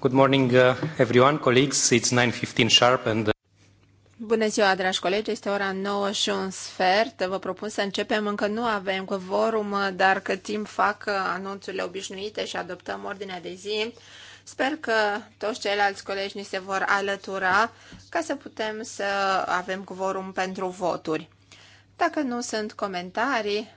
Good morning, uh, everyone, colleagues. It's 9:15 sharp and uh, Bună ziua, dragi colegi, este ora 9 și un sfert. Vă propun să începem, încă nu avem vorum, dar cât timp fac uh, anunțurile obișnuite și adoptăm ordinea de zi, sper că toți ceilalți colegi ni se vor alătura ca să putem să avem vorum pentru voturi. Dacă nu sunt comentarii,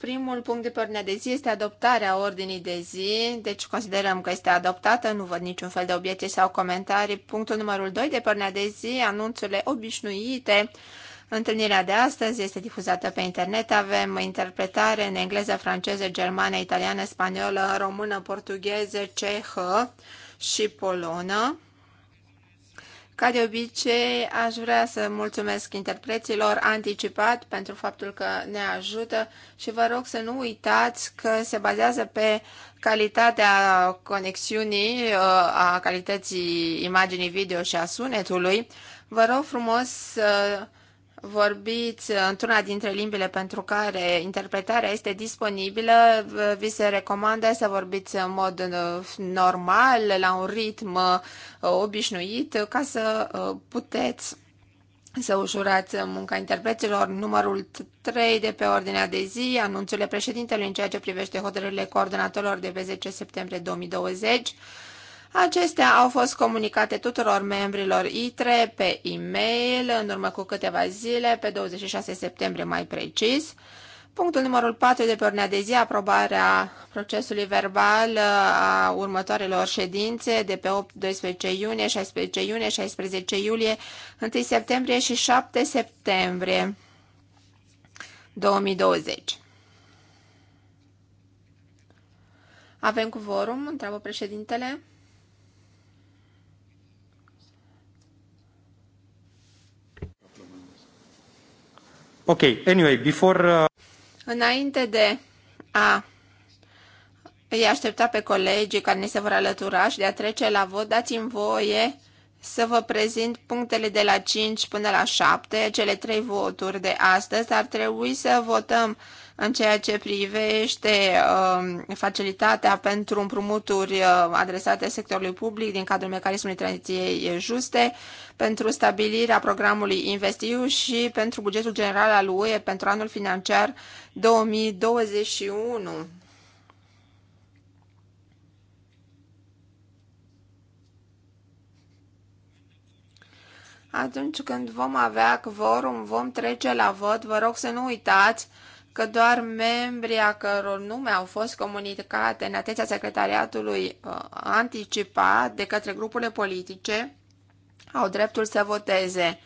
Primul punct de pe ordinea de zi este adoptarea ordinii de zi, deci considerăm că este adoptată, nu văd niciun fel de obiecții sau comentarii. Punctul numărul 2 de pe ordinea de zi, anunțurile obișnuite. Întâlnirea de astăzi este difuzată pe internet, avem interpretare în engleză, franceză, germană, italiană, spaniolă, română, portugheză, cehă și polonă. Ca de obicei, aș vrea să mulțumesc interpreților anticipat pentru faptul că ne ajută și vă rog să nu uitați că se bazează pe calitatea conexiunii, uh, a calității imaginii video și a sunetului. Vă rog frumos să vorbiți într-una dintre limbile pentru care interpretarea este disponibilă, vi se recomandă să vorbiți în mod uh, normal, la un ritm uh, obișnuit, ca să uh, puteți să ușurați munca interpreților. Numărul 3 de pe ordinea de zi, anunțurile președintelui în ceea ce privește hotărârile coordonatorilor de pe 10 septembrie 2020, Acestea au fost comunicate tuturor membrilor ITRE pe e-mail în urmă cu câteva zile, pe 26 septembrie mai precis. Punctul numărul 4 de pe ordinea de zi, aprobarea procesului verbal uh, a următoarelor ședințe de pe 8-12 iunie, 16 iunie, 16 iulie, 1 septembrie și 7 septembrie 2020. Avem vorum, întreabă președintele. Ok, anyway, before... Uh... Înainte de a îi aștepta pe colegii care ne se vor alătura și de a trece la vot, dați-mi voie să vă prezint punctele de la 5 până la 7, cele trei voturi de astăzi. Ar trebui să votăm în ceea ce privește um, facilitatea pentru împrumuturi uh, adresate sectorului public din cadrul mecanismului tranziției juste, pentru stabilirea programului Investiu și pentru bugetul general al UE pentru anul financiar 2021. Atunci când vom avea quorum, vom trece la vot. Vă rog să nu uitați că doar membrii a căror nume au fost comunicate în atenția secretariatului uh, anticipat de către grupurile politice au dreptul să voteze.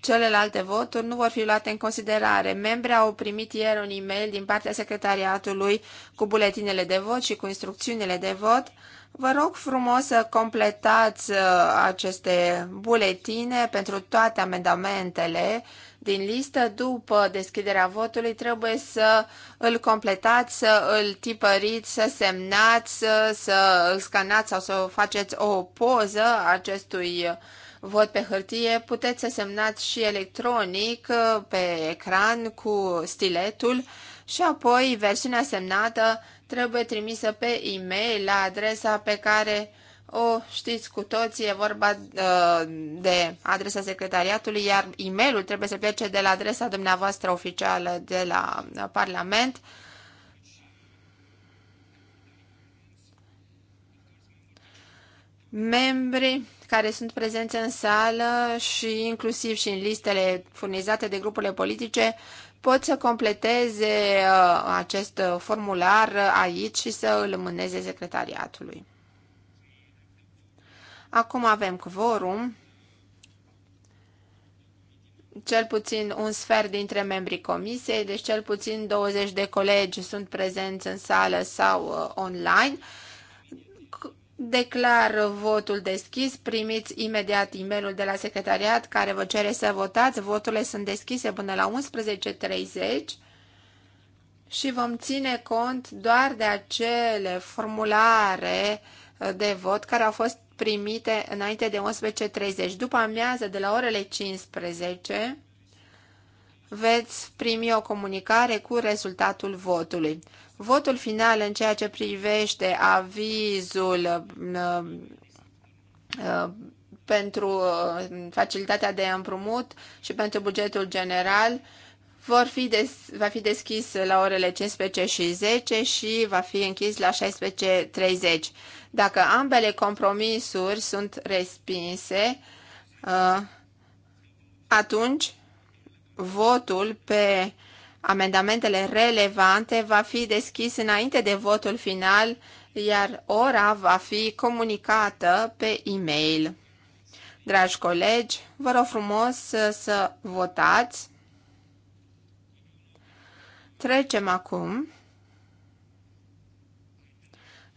Celelalte voturi nu vor fi luate în considerare. Membrii au primit ieri un e-mail din partea secretariatului cu buletinele de vot și cu instrucțiunile de vot. Vă rog frumos să completați uh, aceste buletine pentru toate amendamentele din listă, după deschiderea votului trebuie să îl completați, să îl tipăriți, să semnați, să, să scanați sau să faceți o poză acestui vot pe hârtie. Puteți să semnați și electronic pe ecran cu stiletul și apoi versiunea semnată trebuie trimisă pe e-mail la adresa pe care o știți cu toții, e vorba uh, de adresa secretariatului, iar e mail trebuie să plece de la adresa dumneavoastră oficială de la uh, Parlament. Membrii care sunt prezenți în sală și inclusiv și în listele furnizate de grupurile politice pot să completeze uh, acest formular aici și să îl mâneze secretariatului. Acum avem quorum. Cel puțin un sfert dintre membrii comisiei, deci cel puțin 20 de colegi sunt prezenți în sală sau uh, online. Declar votul deschis. Primiți imediat e de la secretariat care vă cere să votați. Voturile sunt deschise până la 11.30 și vom ține cont doar de acele formulare uh, de vot care au fost primite înainte de 11.30. După amiază, de la orele 15, veți primi o comunicare cu rezultatul votului. Votul final în ceea ce privește avizul uh, uh, pentru uh, facilitatea de împrumut și pentru bugetul general vor fi des, va fi deschis la orele 15 și 10 și va fi închis la 16.30. Dacă ambele compromisuri sunt respinse, uh, atunci votul pe amendamentele relevante va fi deschis înainte de votul final, iar ora va fi comunicată pe e-mail. Dragi colegi, vă rog frumos să, să votați. Trecem acum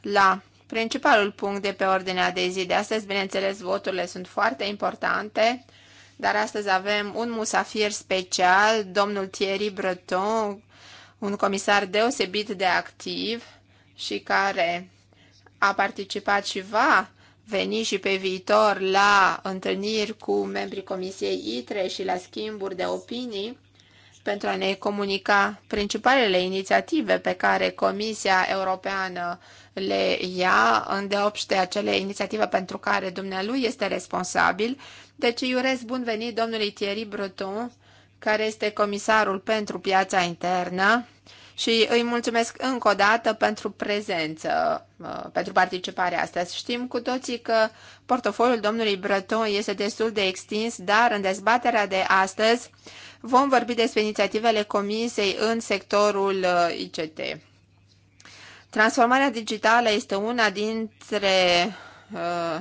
la principalul punct de pe ordinea de zi de astăzi. Bineînțeles, voturile sunt foarte importante, dar astăzi avem un musafir special, domnul Thierry Breton, un comisar deosebit de activ și care a participat și va veni și pe viitor la întâlniri cu membrii Comisiei ITRE și la schimburi de opinii pentru a ne comunica principalele inițiative pe care Comisia Europeană le ia în deopște acele inițiative pentru care dumnealui este responsabil. Deci îi urez bun venit domnului Thierry Breton, care este comisarul pentru piața internă și îi mulțumesc încă o dată pentru prezență, pentru participarea astăzi. Știm cu toții că portofoliul domnului Breton este destul de extins, dar în dezbaterea de astăzi vom vorbi despre inițiativele comisiei în sectorul uh, ICT. Transformarea digitală este una dintre uh,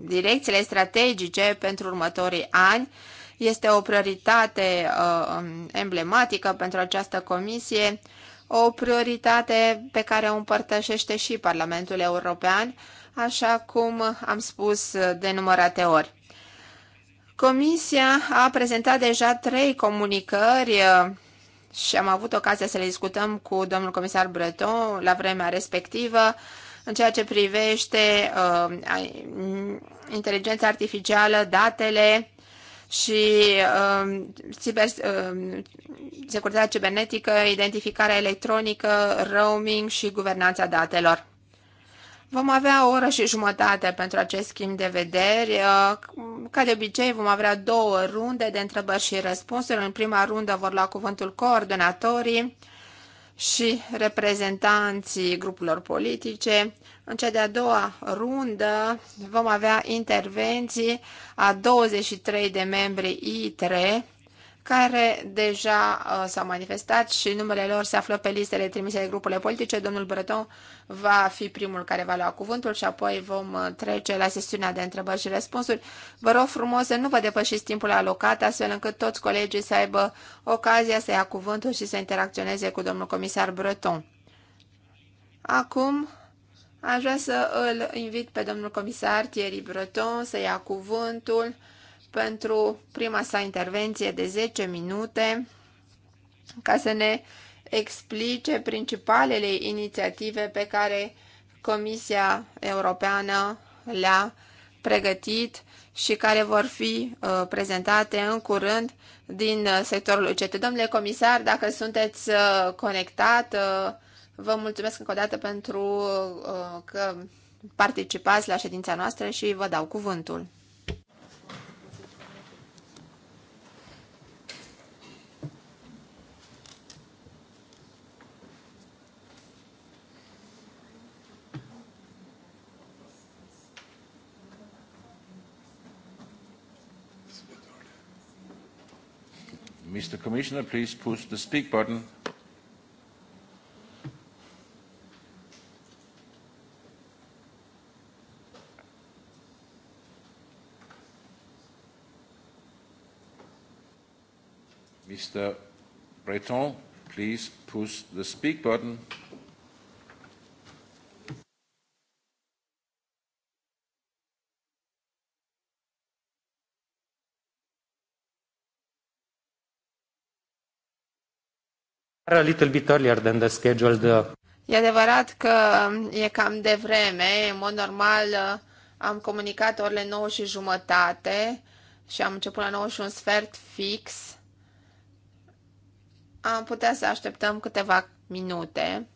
direcțiile strategice pentru următorii ani. Este o prioritate uh, um, emblematică pentru această comisie, o prioritate pe care o împărtășește și Parlamentul European, așa cum am spus de numărate ori. Comisia a prezentat deja trei comunicări uh, și am avut ocazia să le discutăm cu domnul comisar Breton la vremea respectivă în ceea ce privește uh, mm, inteligența artificială, datele și uh, ciber, uh, securitatea cibernetică, identificarea electronică, roaming și guvernanța datelor. Vom avea o oră și jumătate pentru acest schimb de vederi. Uh, ca de obicei, vom avea două runde de întrebări și răspunsuri. În prima rundă vor lua cuvântul coordonatorii și reprezentanții grupurilor politice. În cea de-a doua rundă vom avea intervenții a 23 de membri ITRE care deja uh, s-au manifestat și numele lor se află pe listele trimise de grupurile politice. Domnul Breton va fi primul care va lua cuvântul și apoi vom uh, trece la sesiunea de întrebări și răspunsuri. Vă rog frumos să nu vă depășiți timpul alocat, astfel încât toți colegii să aibă ocazia să ia cuvântul și să interacționeze cu domnul comisar Breton. Acum aș vrea să îl invit pe domnul comisar Thierry Breton să ia cuvântul pentru prima sa intervenție de 10 minute ca să ne explice principalele inițiative pe care Comisia Europeană le-a pregătit și care vor fi uh, prezentate în curând din uh, sectorul UCT. Domnule comisar, dacă sunteți uh, conectat, uh, vă mulțumesc încă o dată pentru uh, că participați la ședința noastră și vă dau cuvântul. Mr. Commissioner, please push the speak button. Mr. Breton, please push the speak button. a little bit earlier than the scheduled. Uh, e adevărat că e cam de vreme. În mod normal uh, am comunicat orele 9 și jumătate și am început la 9 și un sfert fix. Am putea să așteptăm câteva minute.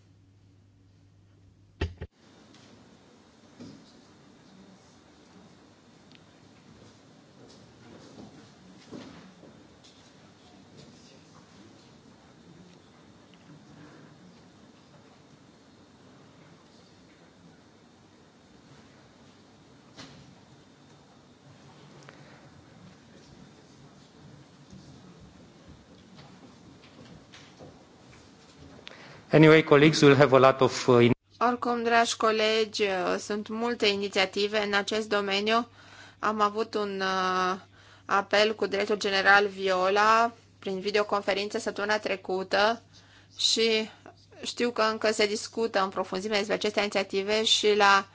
Anyway, colleagues will have a lot of... Uh, Oricum, dragi colegi, uh, sunt multe inițiative în acest domeniu. Am avut un uh, apel cu dreptul general Viola prin videoconferință săptămâna trecută și știu că încă se discută în profunzime despre aceste inițiative și la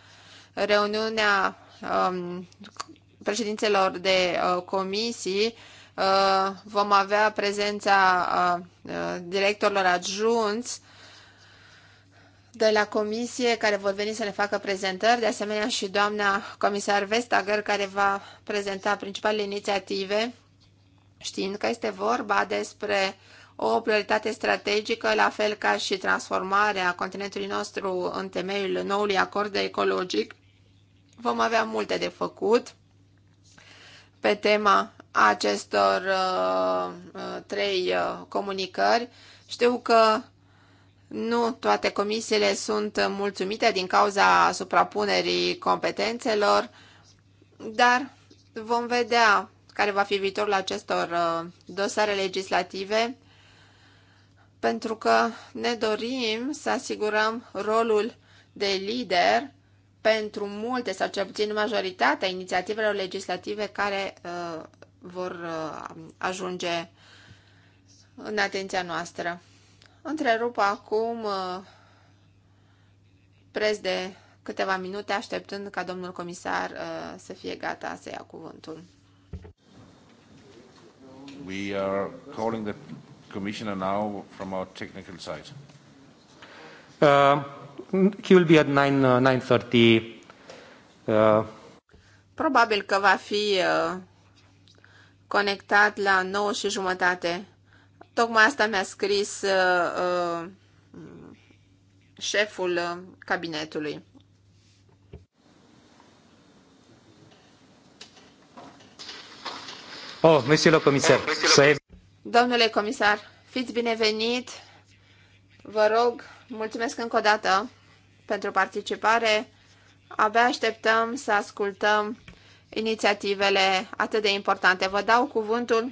reuniunea um, președințelor de uh, comisii uh, vom avea prezența uh, directorilor adjunți de la comisie care vor veni să ne facă prezentări, de asemenea și doamna comisar Vestager care va prezenta principalele inițiative, știind că este vorba despre o prioritate strategică, la fel ca și transformarea continentului nostru în temeiul noului acord ecologic. Vom avea multe de făcut pe tema acestor uh, uh trei uh, comunicări. Știu că nu toate comisiile sunt mulțumite din cauza suprapunerii competențelor, dar vom vedea care va fi viitorul acestor uh, dosare legislative, pentru că ne dorim să asigurăm rolul de lider pentru multe sau cel puțin majoritatea inițiativelor legislative care uh, vor uh, ajunge în atenția noastră. Întrerup acum uh, preț de câteva minute așteptând ca domnul comisar uh, să fie gata să ia cuvântul. We are calling the commissioner now from our technical side. Uh, he will be at 9, uh, 9.30. Uh. Probabil că va fi uh, conectat la 9 și jumătate Tocmai asta mi-a scris uh, uh, șeful uh, cabinetului. Oh, monsieur comisar, Domnule comisar, fiți binevenit. Vă rog, mulțumesc încă o dată pentru participare. Abia așteptăm să ascultăm inițiativele atât de importante. Vă dau cuvântul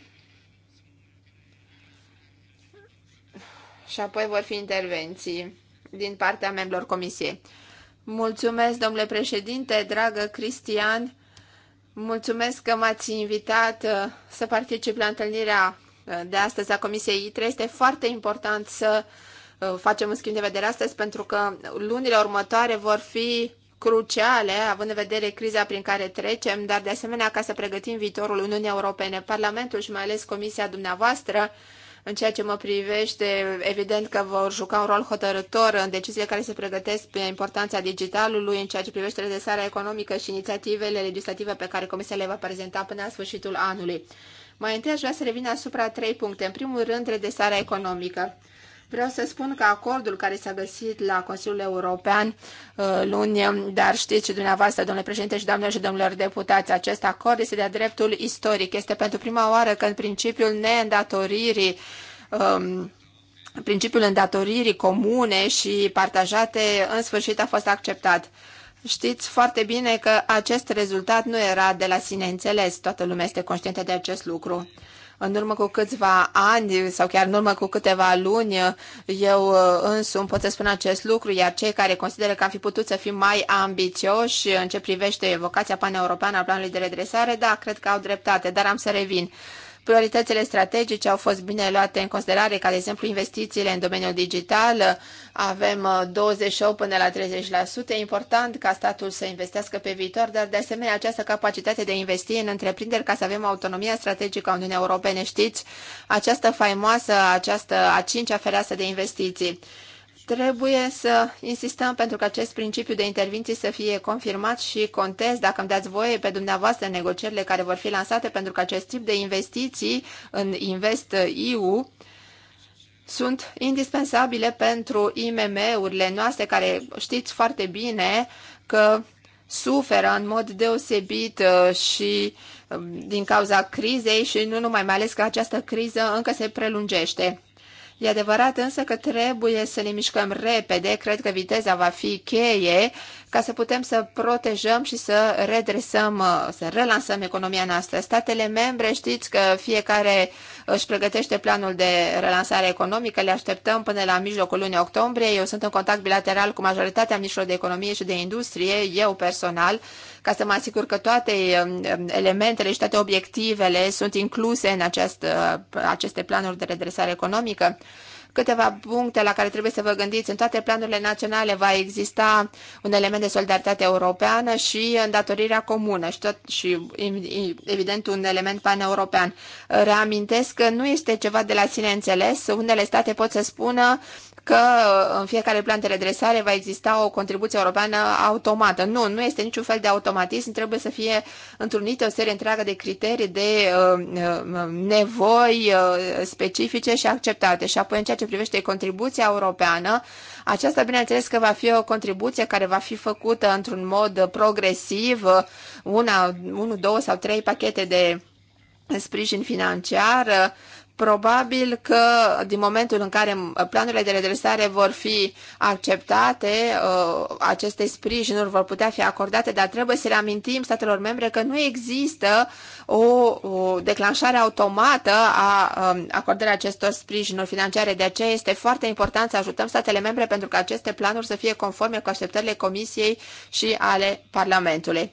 și apoi vor fi intervenții din partea membrilor comisiei. Mulțumesc, domnule președinte, dragă Cristian, mulțumesc că m-ați invitat uh, să particip la întâlnirea uh, de astăzi a Comisiei I3. Este foarte important să uh, facem un schimb de vedere astăzi pentru că lunile următoare vor fi cruciale, având în vedere criza prin care trecem, dar de asemenea ca să pregătim viitorul Uniunii Europene. Parlamentul și mai ales Comisia dumneavoastră în ceea ce mă privește, evident că vor juca un rol hotărător în deciziile care se pregătesc pe importanța digitalului, în ceea ce privește redresarea economică și inițiativele legislative pe care Comisia le va prezenta până la sfârșitul anului. Mai întâi aș vrea să revin asupra trei puncte. În primul rând, redresarea economică. Vreau să spun că acordul care s-a găsit la Consiliul European uh, luni, dar știți și dumneavoastră, domnule președinte și doamnelor și domnilor deputați, acest acord este de-a dreptul istoric. Este pentru prima oară când principiul neîndatoririi um, principiul îndatoririi comune și partajate în sfârșit a fost acceptat. Știți foarte bine că acest rezultat nu era de la sine înțeles, toată lumea este conștientă de acest lucru. În urmă cu câțiva ani sau chiar în urmă cu câteva luni, eu uh, însumi pot să spun acest lucru, iar cei care consideră că am fi putut să fim mai ambițioși în ce privește vocația paneuropeană a planului de redresare, da, cred că au dreptate, dar am să revin. Prioritățile strategice au fost bine luate în considerare, ca de exemplu investițiile în domeniul digital. Avem 28 uh, până la 30%. E important ca statul să investească pe viitor, dar de asemenea această capacitate de a investi în întreprinderi ca să avem autonomia strategică a Uniunii Europene. Știți, această faimoasă, această a cincea fereastră de investiții. Trebuie să insistăm pentru că acest principiu de intervenție să fie confirmat și contez, dacă îmi dați voie, pe dumneavoastră negocierile care vor fi lansate, pentru că acest tip de investiții în Invest EU sunt indispensabile pentru IMM-urile noastre, care știți foarte bine că suferă în mod deosebit uh, și um, din cauza crizei și nu numai, mai ales că această criză încă se prelungește. E adevărat însă că trebuie să le mișcăm repede, cred că viteza va fi cheie ca să putem să protejăm și să redresăm, uh, să relansăm economia noastră. Statele membre știți că fiecare își pregătește planul de relansare economică, le așteptăm până la mijlocul lunii octombrie. Eu sunt în contact bilateral cu majoritatea mișilor de economie și de industrie, eu personal, ca să mă asigur că toate um, elementele și toate obiectivele sunt incluse în acest, uh, aceste planuri de redresare economică câteva puncte la care trebuie să vă gândiți. În toate planurile naționale va exista un element de solidaritate europeană și îndatorirea comună și, tot, și evident un element paneuropean. Reamintesc că nu este ceva de la sine înțeles. Unele state pot să spună că uh, în fiecare plan de redresare va exista o contribuție europeană automată. Nu, nu este niciun fel de automatism, trebuie să fie întrunită o serie întreagă de criterii, de uh, uh, nevoi specifice și acceptate. Și apoi, în ceea ce privește contribuția europeană, aceasta, bineînțeles, că va fi o contribuție care va fi făcută într-un mod progresiv, una, unu, două sau trei pachete de sprijin financiar, Probabil că din momentul în care uh, planurile de redresare vor fi acceptate, uh, aceste sprijinuri vor putea fi acordate, dar trebuie să le amintim statelor membre că nu există o declanșare automată a um, acordării acestor sprijinuri financiare. De aceea este foarte important să ajutăm statele membre pentru că aceste planuri să fie conforme cu așteptările Comisiei și ale Parlamentului.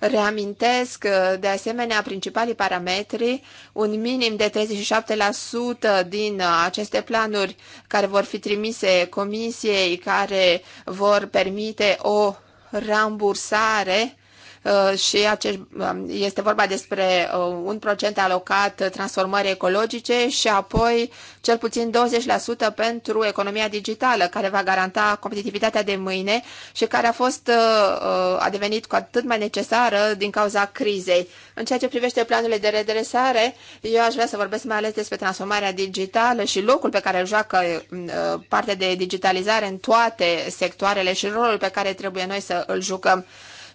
Reamintesc uh, de asemenea principalii parametri, un minim de 37% din uh, aceste planuri care vor fi trimise comisiei, care vor permite o rambursare Uh, și acești, um, este vorba despre uh, un procent alocat transformării ecologice și apoi cel puțin 20% pentru economia digitală, care va garanta competitivitatea de mâine și care a fost uh, a devenit cu atât mai necesară din cauza crizei. În ceea ce privește planurile de redresare, eu aș vrea să vorbesc mai ales despre transformarea digitală și locul pe care îl joacă partea de digitalizare în toate sectoarele și rolul pe care trebuie noi să îl jucăm.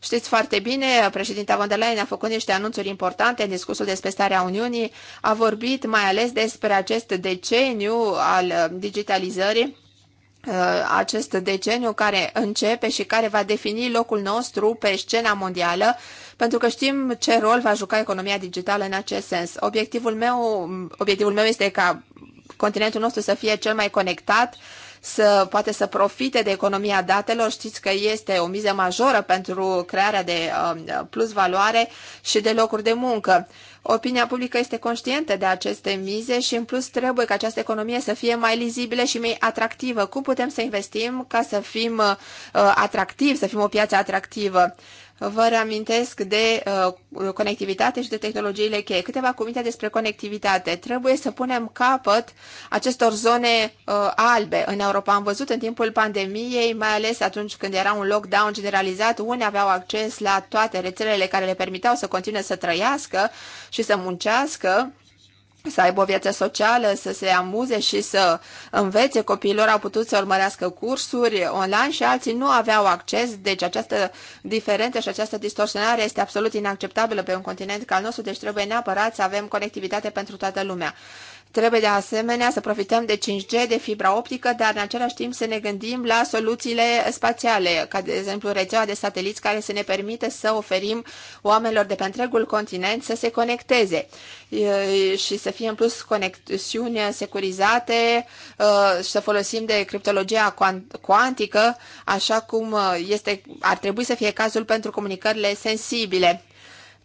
Știți foarte bine, președinta von der Leyen a făcut niște anunțuri importante în discursul despre starea Uniunii, a vorbit mai ales despre acest deceniu al uh, digitalizării, uh, acest deceniu care începe și care va defini locul nostru pe scena mondială, pentru că știm ce rol va juca economia digitală în acest sens. Obiectivul meu, obiectivul meu este ca continentul nostru să fie cel mai conectat, să poate să profite de economia datelor. Știți că este o miză majoră pentru crearea de um, plus valoare și de locuri de muncă. Opinia publică este conștientă de aceste mize și în plus trebuie ca această economie să fie mai lizibilă și mai atractivă. Cum putem să investim ca să fim uh, atractivi, să fim o piață atractivă? Vă reamintesc de uh, conectivitate și de tehnologiile cheie. Câteva cuvinte despre conectivitate. Trebuie să punem capăt acestor zone uh, albe în Europa. Am văzut în timpul pandemiei, mai ales atunci când era un lockdown generalizat, unii aveau acces la toate rețelele care le permiteau să continue să trăiască și să muncească să aibă o viață socială, să se amuze și să învețe. Copiilor au putut să urmărească cursuri online și alții nu aveau acces, deci această diferență și această distorsionare este absolut inacceptabilă pe un continent ca al nostru, deci trebuie neapărat să avem conectivitate pentru toată lumea. Trebuie de asemenea să profităm de 5G, de fibra optică, dar în același timp să ne gândim la soluțiile spațiale, ca de exemplu rețeaua de sateliți care să ne permite să oferim oamenilor de pe întregul continent să se conecteze și să fie în plus conexiuni securizate și să folosim de criptologia cuantică, așa cum este, ar trebui să fie cazul pentru comunicările sensibile.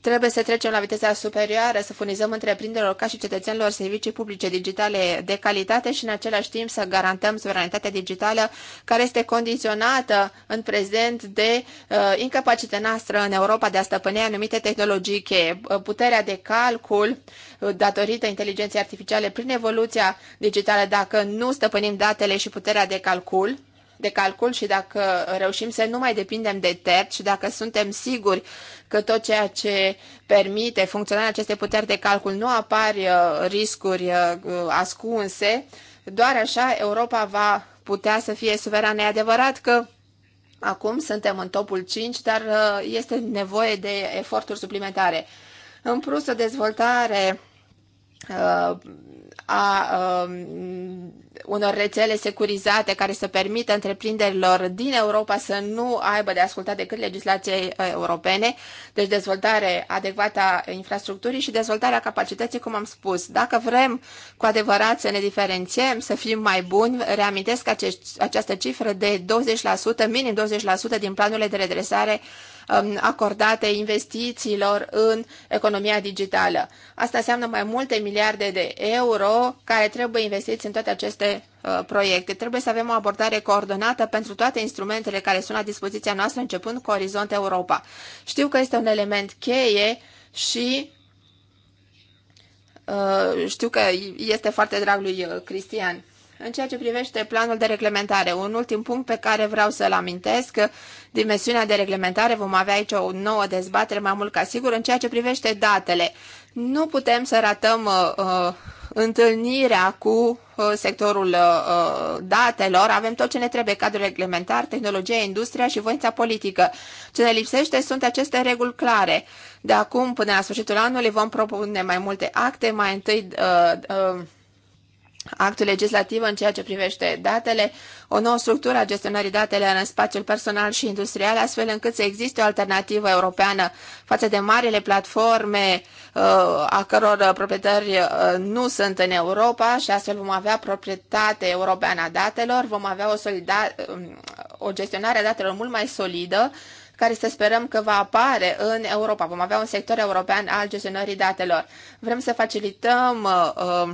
Trebuie să trecem la viteza superioară, să furnizăm întreprinderilor ca și cetățenilor servicii publice digitale de calitate și în același timp să garantăm suveranitatea digitală care este condiționată în prezent de uh, incapacitatea noastră în Europa de a stăpâni anumite tehnologii cheie, uh, puterea de calcul uh, datorită inteligenței artificiale prin evoluția digitală dacă nu stăpânim datele și puterea de calcul de calcul și dacă reușim să nu mai depindem de terți și dacă suntem siguri că tot ceea ce permite funcționarea acestei puteri de calcul nu apar uh, riscuri uh, uh, ascunse, doar așa Europa va putea să fie suverană. E adevărat că acum suntem în topul 5, dar este nevoie de eforturi suplimentare. În plus, o dezvoltare a um, unor rețele securizate care să permită întreprinderilor din Europa să nu aibă de ascultat decât legislației uh, europene, deci dezvoltare adecvată a infrastructurii și dezvoltarea capacității, cum am spus. Dacă vrem cu adevărat să ne diferențiem, să fim mai buni, reamintesc acești, această cifră de 20%, minim 20% din planurile de redresare uh, Um, acordate investițiilor în economia digitală. Asta înseamnă mai multe miliarde de euro care trebuie investiți în toate aceste uh, proiecte. Trebuie să avem o abordare coordonată pentru toate instrumentele care sunt la dispoziția noastră, începând cu Orizont Europa. Știu că este un element cheie și uh, știu că este foarte drag lui uh, Cristian. În ceea ce privește planul de reglementare, un ultim punct pe care vreau să-l amintesc, dimensiunea de reglementare, vom avea aici o nouă dezbatere mai mult ca sigur, în ceea ce privește datele. Nu putem să ratăm uh, uh întâlnirea cu uh, sectorul uh, uh, datelor, avem tot ce ne trebuie, cadrul reglementar, tehnologia, industria și voința politică. Ce ne lipsește sunt aceste reguli clare. De acum până la sfârșitul anului vom propune mai multe acte, mai întâi uh, uh, actul legislativ în ceea ce privește datele, o nouă structură a gestionării datelor în spațiul personal și industrial, astfel încât să existe o alternativă europeană față de marile platforme uh, a căror proprietari uh, nu sunt în Europa și astfel vom avea proprietate europeană a datelor, vom avea o, solida- um, o gestionare a datelor mult mai solidă care să sperăm că va apare în Europa. Vom avea un sector european al gestionării datelor. Vrem să facilităm uh, uh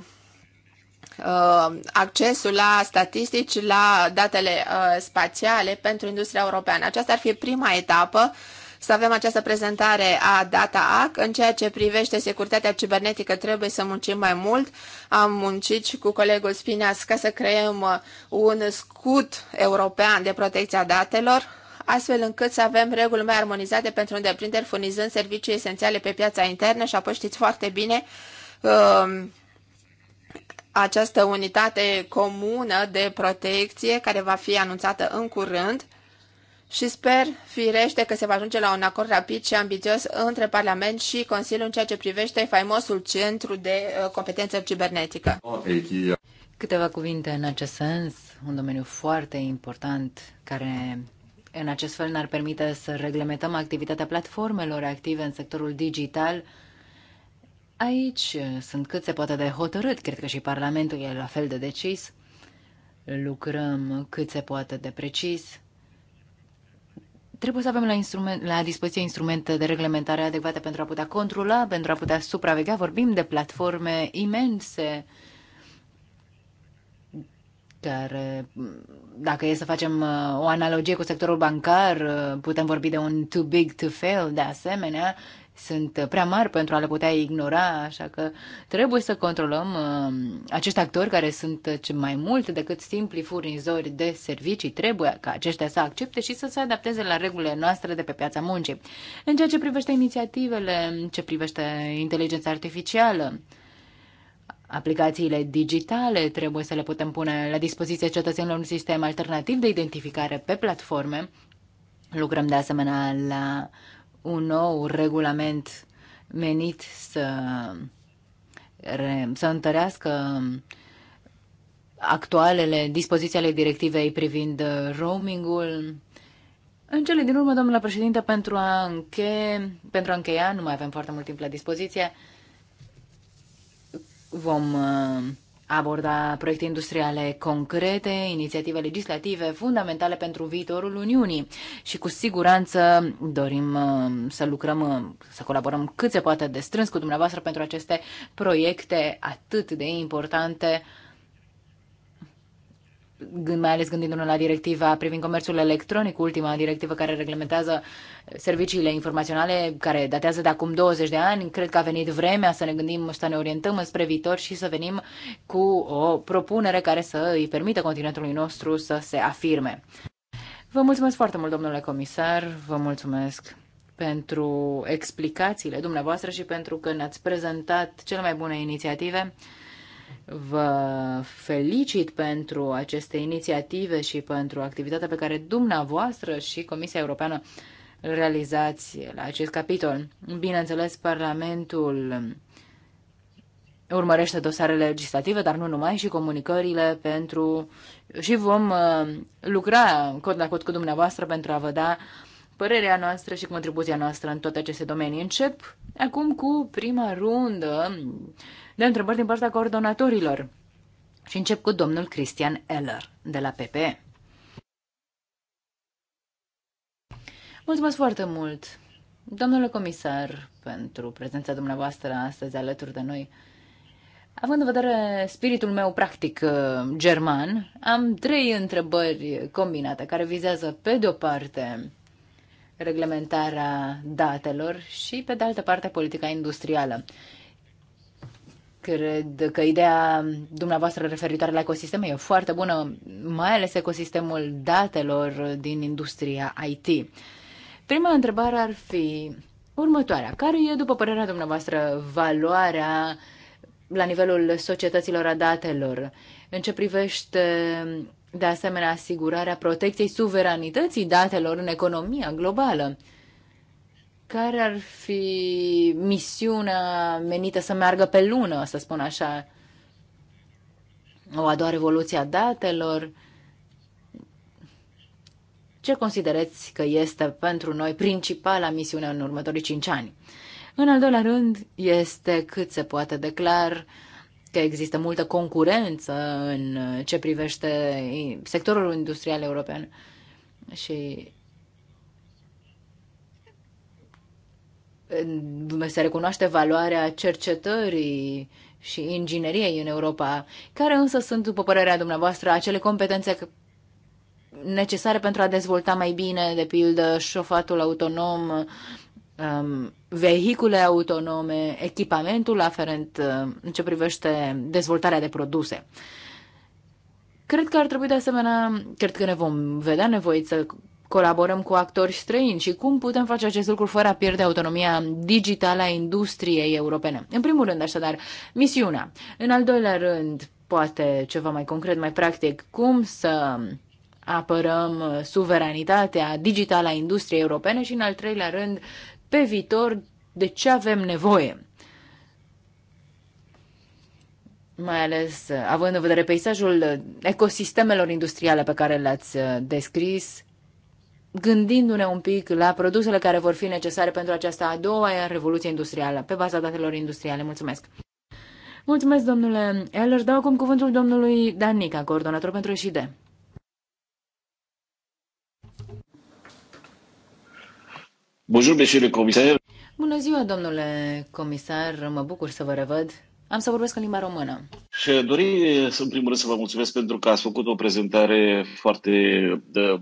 Uh, accesul la statistici, la datele uh, spațiale pentru industria europeană. Aceasta ar fi prima etapă să avem această prezentare a Data Act În ceea ce privește securitatea cibernetică, trebuie să muncim mai mult. Am muncit și cu colegul Spineas ca să creăm uh, un scut european de protecția datelor, astfel încât să avem reguli mai armonizate pentru întreprinderi furnizând servicii esențiale pe piața internă și apoi știți foarte bine uh, această unitate comună de protecție care va fi anunțată în curând și sper firește că se va ajunge la un acord rapid și ambițios între Parlament și Consiliul în ceea ce privește faimosul centru de uh, competență cibernetică. Câteva cuvinte în acest sens, un domeniu foarte important care în acest fel ne-ar permite să reglementăm activitatea platformelor active în sectorul digital, Aici uh, sunt cât se poate de hotărât, cred că și Parlamentul e la fel de decis. Lucrăm cât se poate de precis. Trebuie să avem la, instrument, la dispoziție instrumente de reglementare adecvate pentru a putea controla, pentru a putea supraveghea. Vorbim de platforme imense care, dacă e să facem uh, o analogie cu sectorul bancar, uh, putem vorbi de un too big to fail, de asemenea, sunt prea mari pentru a le putea ignora, așa că trebuie să controlăm uh, acești actori care sunt ce mai mult decât simpli furnizori de servicii. Trebuie ca aceștia să accepte și să se adapteze la regulile noastre de pe piața muncii. În ceea ce privește inițiativele, în ce privește inteligența artificială, Aplicațiile digitale trebuie să le putem pune la dispoziție cetățenilor un sistem alternativ de identificare pe platforme. Lucrăm de asemenea la uh, un nou regulament menit să, să întărească actualele dispoziții ale directivei privind roamingul. În cele din urmă, domnule președinte, pentru a, înche, pentru a încheia, nu mai avem foarte mult timp la dispoziție, vom uh, aborda proiecte industriale concrete, inițiative legislative fundamentale pentru viitorul Uniunii și cu siguranță dorim uh, să lucrăm, uh, să colaborăm cât se poate de strâns cu dumneavoastră pentru aceste proiecte atât de importante mai ales gândindu-ne la directiva privind comerțul electronic, ultima directivă care reglementează serviciile informaționale, care datează de acum 20 de ani, cred că a venit vremea să ne gândim, să ne orientăm spre viitor și să venim cu o propunere care să îi permită continentului nostru să se afirme. Vă mulțumesc foarte mult, domnule comisar, vă mulțumesc pentru explicațiile dumneavoastră și pentru că ne-ați prezentat cele mai bune inițiative Vă felicit pentru aceste inițiative și pentru activitatea pe care dumneavoastră și Comisia Europeană realizați la acest capitol. Bineînțeles, Parlamentul urmărește dosarele legislative, dar nu numai, și comunicările pentru... și vom uh, lucra cot la cot cu dumneavoastră pentru a vă da părerea noastră și contribuția noastră în toate aceste domenii. Încep acum cu prima rundă de întrebări din partea coordonatorilor. Și încep cu domnul Cristian Eller, de la PPE. Mulțumesc foarte mult, domnule comisar, pentru prezența dumneavoastră astăzi alături de noi. Având în vedere spiritul meu practic uh, german, am trei întrebări combinate care vizează, pe de o parte, reglementarea datelor și, pe de altă parte, politica industrială. Cred că ideea dumneavoastră referitoare la ecosisteme e foarte bună, mai ales ecosistemul datelor din industria IT. Prima întrebare ar fi următoarea. Care e, după părerea dumneavoastră, valoarea la nivelul societăților a datelor în ce privește, de asemenea, asigurarea protecției suveranității datelor în economia globală? care ar fi misiunea menită să meargă pe lună, să spun așa? O a doua revoluție a datelor? Ce considerați că este pentru noi principala misiune în următorii cinci ani? În al doilea rând, este cât se poate declar că există multă concurență în ce privește sectorul industrial european și se recunoaște valoarea cercetării și ingineriei în Europa, care însă sunt, după părerea dumneavoastră, acele competențe necesare pentru a dezvolta mai bine, de pildă, șofatul autonom, um, vehicule autonome, echipamentul aferent um, în ce privește dezvoltarea de produse. Cred că ar trebui de asemenea, cred că ne vom vedea nevoiți să colaborăm cu actori străini și cum putem face acest lucru fără a pierde autonomia digitală a industriei europene. În primul rând, așadar, misiunea. În al doilea rând, poate ceva mai concret, mai practic, cum să apărăm suveranitatea digitală a industriei europene și, în al treilea rând, pe viitor, de ce avem nevoie mai ales având în vedere peisajul ecosistemelor industriale pe care le-ați uh, descris, gândindu-ne un pic la produsele care vor fi necesare pentru această a doua revoluție industrială, pe baza datelor industriale. Mulțumesc! Mulțumesc, domnule Eller. Dau acum cuvântul domnului Danica, coordonator pentru ISID. Bună ziua, domnule comisar. Mă bucur să vă revăd. Am să vorbesc în limba română. Și dori, în primul rând, să vă mulțumesc pentru că ați făcut o prezentare foarte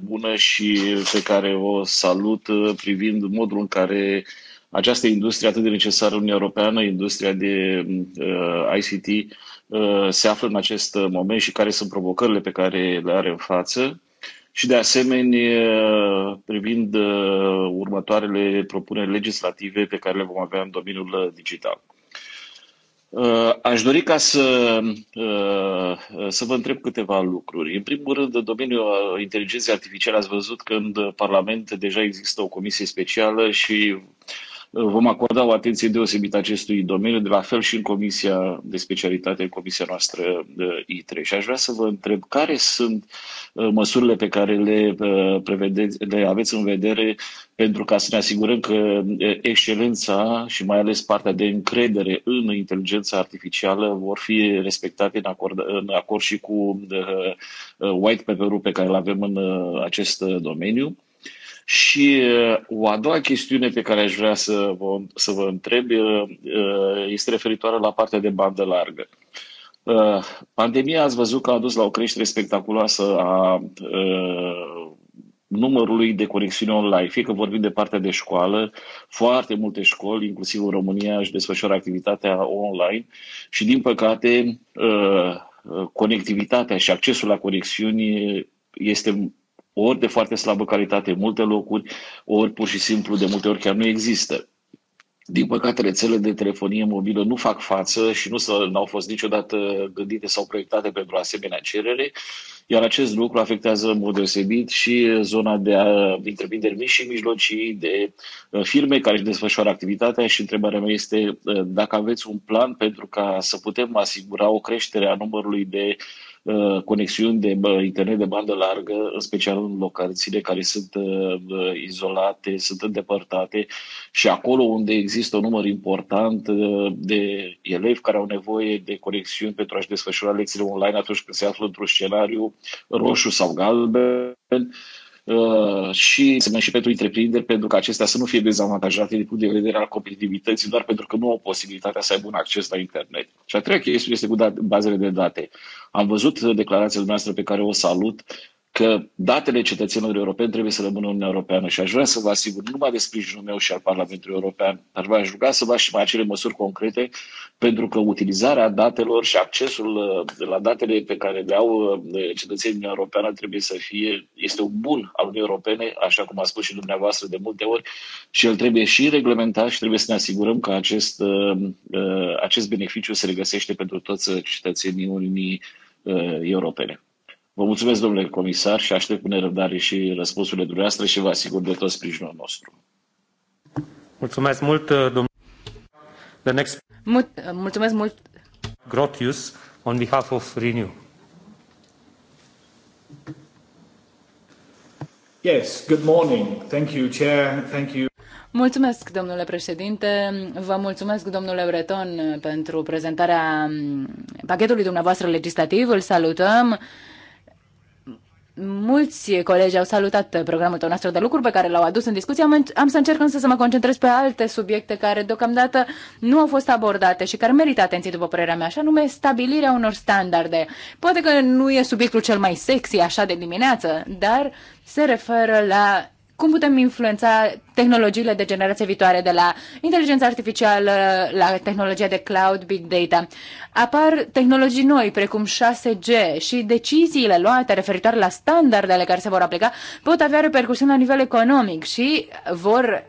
bună și pe care o salut uh, privind modul în care această industrie atât de necesară în Uniunea Europeană, industria de uh, ICT, uh, se află în acest moment și care sunt provocările pe care le are în față. Și de asemenea, privind următoarele propuneri legislative pe care le vom avea în domeniul digital. Uh, aș dori ca să, uh, să vă întreb câteva lucruri. În primul rând, în domeniul uh, inteligenței artificiale ați văzut că în Parlament deja există o comisie specială și Vom acorda o atenție deosebită acestui domeniu, de la fel și în Comisia de Specialitate, în Comisia noastră ITRE. Și aș vrea să vă întreb care sunt uh, măsurile pe care le, uh, prevedeți, le aveți în vedere pentru ca să ne asigurăm că uh, excelența și mai ales partea de încredere în inteligența artificială vor fi respectate în acord, în acord și cu white paper-ul pe care îl avem în acest domeniu. Și uh, o a doua chestiune pe care aș vrea să vă, să vă întreb uh, uh, este referitoare la partea de bandă largă. Pandemia ați văzut că a dus la o creștere spectaculoasă a numărului de conexiuni online. Fie că vorbim de partea de școală, foarte multe școli, inclusiv în România, își desfășoară activitatea online și, din păcate, conectivitatea și accesul la conexiuni este ori de foarte slabă calitate în multe locuri, ori pur și simplu de multe ori chiar nu există. Din păcate, rețelele de telefonie mobilă nu fac față și nu au fost niciodată gândite sau proiectate pentru asemenea cerere, iar acest lucru afectează în mod deosebit și zona de uh, întreprinderi mici și mijlocii, de uh, firme care își desfășoară activitatea și întrebarea mea este uh, dacă aveți un plan pentru ca să putem asigura o creștere a numărului de uh, Uh, conexiuni de internet de bandă largă, în special în locațiile care sunt uh, izolate, sunt îndepărtate și acolo unde există un număr important uh, de elevi care au nevoie de conexiuni pentru a-și desfășura lecțiile online atunci când se află într-un scenariu roșu sau galben, Uh, și să și pentru întreprinderi, pentru că acestea să nu fie dezavantajate din punct de vedere al competitivității, doar pentru că nu au posibilitatea să aibă un acces la internet. Și a treia chestie este cu da- bazele de date. Am văzut declarația dumneavoastră pe care o salut că datele cetățenilor europeni trebuie să rămână în Uniunea Europeană și aș vrea să vă asigur nu numai de sprijinul meu și al Parlamentului European, dar v-aș ruga să vă și mai acele măsuri concrete pentru că utilizarea datelor și accesul uh, la datele pe care le au uh, cetățenii Uniunea Europeană trebuie să fie, este un bun al Uniunii Europene, așa cum a spus și dumneavoastră de multe ori, și el trebuie și reglementat și trebuie să ne asigurăm că acest, uh, acest beneficiu se regăsește pentru toți cetățenii Uniunii europene. Vă mulțumesc, domnule comisar, și aștept cu nerăbdare și răspunsurile dumneavoastră și vă asigur de tot sprijinul nostru. Mulțumesc mult, domnule. next... Mul mulțumesc mult. Grotius, on behalf of Renew. Yes, good morning. Thank you, Chair. Thank you. Mulțumesc, domnule președinte. Vă mulțumesc, domnule Breton, pentru prezentarea mm, pachetului dumneavoastră legislativ. Îl salutăm mulți colegi au salutat programul tău nostru de lucruri pe care l-au adus în discuție. Am, am să încerc însă să mă concentrez pe alte subiecte care deocamdată nu au fost abordate și care merită atenție, după părerea mea, așa nume stabilirea unor standarde. Poate că nu e subiectul cel mai sexy așa de dimineață, dar se referă la cum putem influența tehnologiile de generație viitoare, de la inteligența artificială la tehnologia de cloud, big data. Apar tehnologii noi, precum 6G și deciziile luate referitoare la standardele care se vor aplica pot avea repercusiuni la nivel economic și vor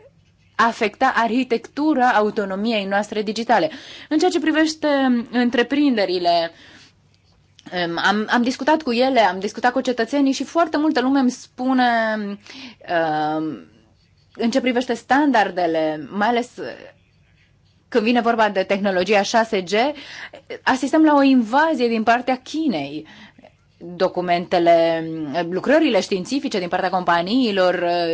afecta arhitectura autonomiei noastre digitale. În ceea ce privește întreprinderile, uh, am, am discutat cu ele, am discutat cu cetățenii și foarte multă lume îmi spune în ce privește standardele, mai ales eh, când vine vorba de tehnologia 6G, asistăm la o invazie din partea Chinei. Documentele, lucrările științifice din partea companiilor eh,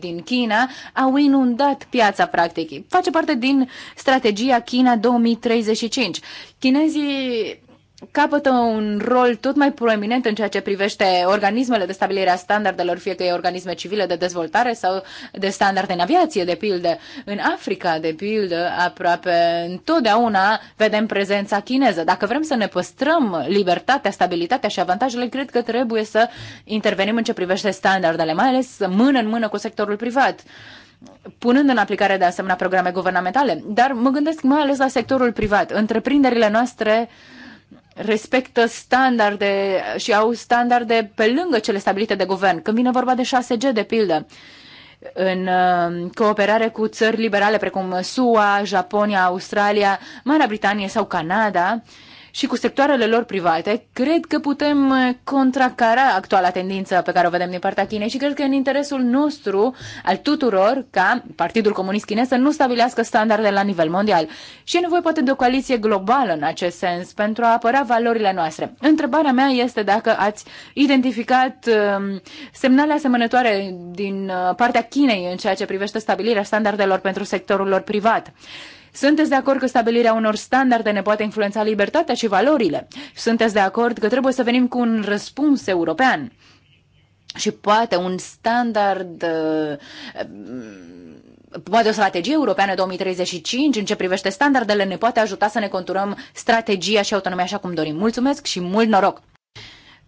din China au inundat piața practic. Face parte din strategia China 2035. Chinezii capătă un rol tot mai proeminent în ceea ce privește organismele de stabilire a standardelor, fie că e organisme civile de dezvoltare sau de standarde în aviație, de pildă. În Africa, de pildă, aproape întotdeauna vedem prezența chineză. Dacă vrem să ne păstrăm libertatea, stabilitatea și avantajele, cred că trebuie să intervenim în ce privește standardele, mai ales mână în mână cu sectorul privat punând în aplicare de asemenea programe guvernamentale, dar mă gândesc mai ales la sectorul privat. Întreprinderile noastre uh, respectă standarde și au standarde pe lângă cele stabilite de guvern. Când vine vorba de 6G, de pildă, în uh, cooperare cu țări liberale precum SUA, Japonia, Australia, Marea Britanie sau Canada, și cu sectoarele lor private, cred că putem eh, contracara actuala tendință pe care o vedem din partea Chinei și cred că în interesul nostru, al tuturor, ca Partidul Comunist Chinez să nu stabilească standarde la nivel mondial. Și e nevoie poate de o coaliție globală în acest sens pentru a apăra valorile noastre. Întrebarea mea este dacă ați identificat ehm, semnale asemănătoare din eh, partea Chinei în ceea ce privește stabilirea standardelor pentru sectorul lor privat. Sunteți de acord că stabilirea unor standarde ne poate influența libertatea și valorile? Sunteți de acord că trebuie să venim cu un răspuns european? Și poate un standard uh, poate o strategie europeană 2035 în ce privește standardele ne poate ajuta să ne conturăm strategia și autonomia așa cum dorim. Mulțumesc și mult noroc!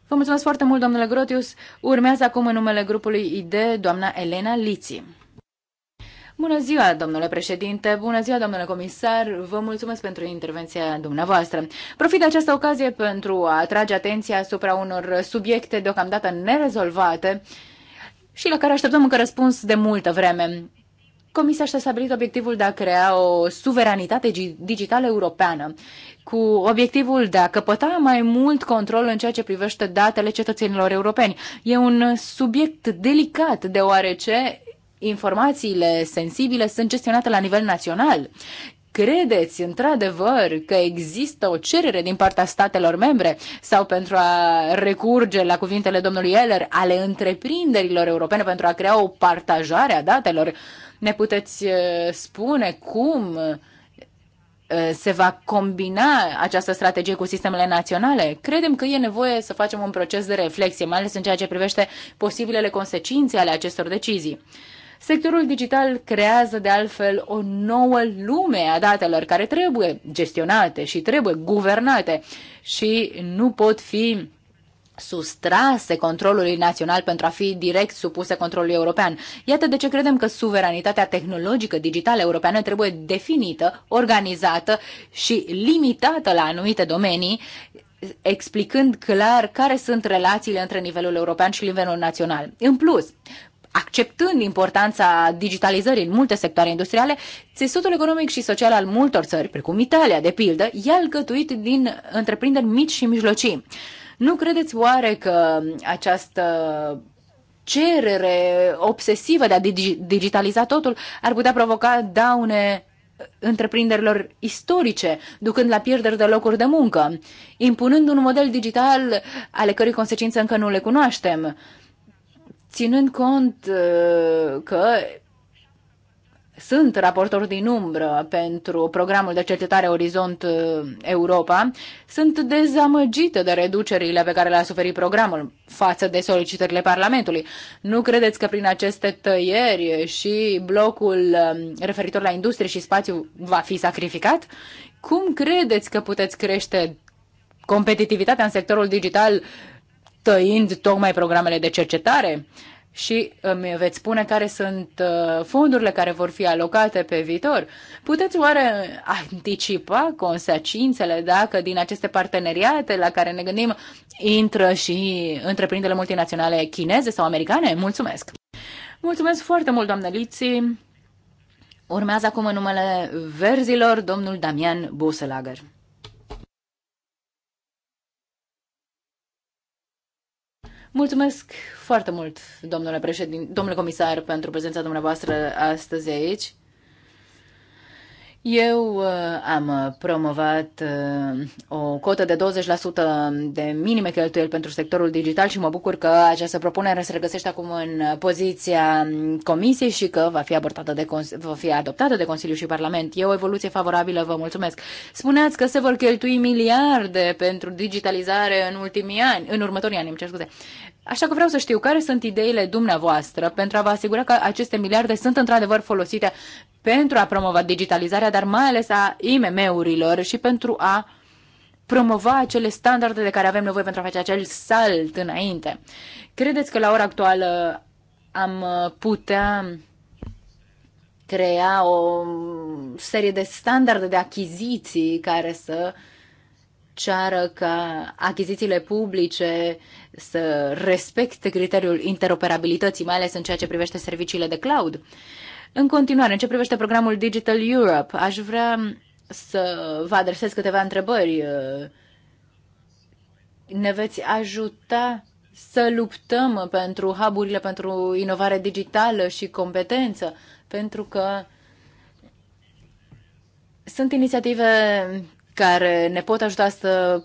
Vă mulțumesc foarte mult, domnule Grotius. Urmează acum în numele grupului ID doamna Elena Liții. Bună ziua, domnule președinte, bună ziua, domnule comisar, vă mulțumesc pentru intervenția dumneavoastră. Profit de această ocazie pentru a atrage atenția asupra unor subiecte deocamdată nerezolvate și la care așteptăm încă răspuns de multă vreme. Comisia și-a stabilit obiectivul de a crea o suveranitate digitală europeană, cu obiectivul de a căpăta mai mult control în ceea ce privește datele cetățenilor europeni. E un subiect delicat, deoarece informațiile sensibile sunt gestionate la nivel național. Credeți într-adevăr că există o cerere din partea statelor membre sau pentru a recurge la cuvintele domnului Eller ale întreprinderilor europene pentru a crea o partajare a datelor? Ne puteți eh, spune cum eh, se va combina această strategie cu sistemele naționale? Credem că e nevoie să facem un proces de reflexie, mai ales în ceea ce privește posibilele consecințe ale acestor decizii. Sectorul digital creează de altfel o nouă lume a datelor care trebuie gestionate și trebuie guvernate și nu pot fi sustrase controlului național pentru a fi direct supuse controlului european. Iată de ce credem că suveranitatea tehnologică digitală europeană trebuie definită, organizată și limitată la anumite domenii, explicând clar care sunt relațiile între nivelul european și nivelul național. În plus, acceptând importanța digitalizării în multe sectoare industriale, țesutul economic și social al multor țări, precum Italia, de pildă, e alcătuit din întreprinderi mici și mijlocii. Nu credeți oare că această cerere obsesivă de a digitaliza totul ar putea provoca daune întreprinderilor istorice, ducând la pierderi de locuri de muncă, impunând un model digital ale cărui consecințe încă nu le cunoaștem ținând cont uh, că sunt raportor din umbră pentru programul de cercetare Orizont uh, Europa, sunt dezamăgită de reducerile pe care le-a suferit programul față de solicitările Parlamentului. Nu credeți că prin aceste tăieri și blocul um, referitor la industrie și spațiu va fi sacrificat? Cum credeți că puteți crește competitivitatea în sectorul digital uh, tăind tocmai programele de cercetare? și îmi veți spune care sunt uh, fondurile care vor fi alocate pe viitor. Puteți oare anticipa consecințele dacă din aceste parteneriate la care ne gândim intră și întreprinderile multinaționale chineze sau americane? Mulțumesc! Mulțumesc foarte mult, doamnă Liții! Urmează acum în numele verzilor domnul Damian Buselager. Mulțumesc foarte mult, domnule președinte, domnule comisar, pentru prezența dumneavoastră astăzi aici. Eu uh, am uh, promovat uh, o cotă de 20% de minime cheltuieli pentru sectorul digital și mă bucur că această propunere se regăsește acum în poziția Comisiei și că va fi, abortată de, va fi adoptată de Consiliu și Parlament. E o evoluție favorabilă, vă mulțumesc. Spuneați că se vor cheltui miliarde pentru digitalizare în ultimii ani, în următorii ani, îmi cer scuze. Așa că vreau să știu care sunt ideile dumneavoastră pentru a vă asigura că aceste miliarde sunt într-adevăr folosite pentru a promova digitalizarea, dar mai ales a IMM-urilor și pentru a promova acele standarde de care avem nevoie pentru a face acel salt înainte. Credeți că la ora actuală am putea crea o serie de standarde de achiziții care să ceară ca achizițiile publice să respecte criteriul interoperabilității, mai ales în ceea ce privește serviciile de cloud. În continuare, în ce privește programul Digital Europe, aș vrea să vă adresez câteva întrebări. Ne veți ajuta să luptăm pentru haburile pentru inovare digitală și competență, pentru că sunt inițiative care ne pot ajuta să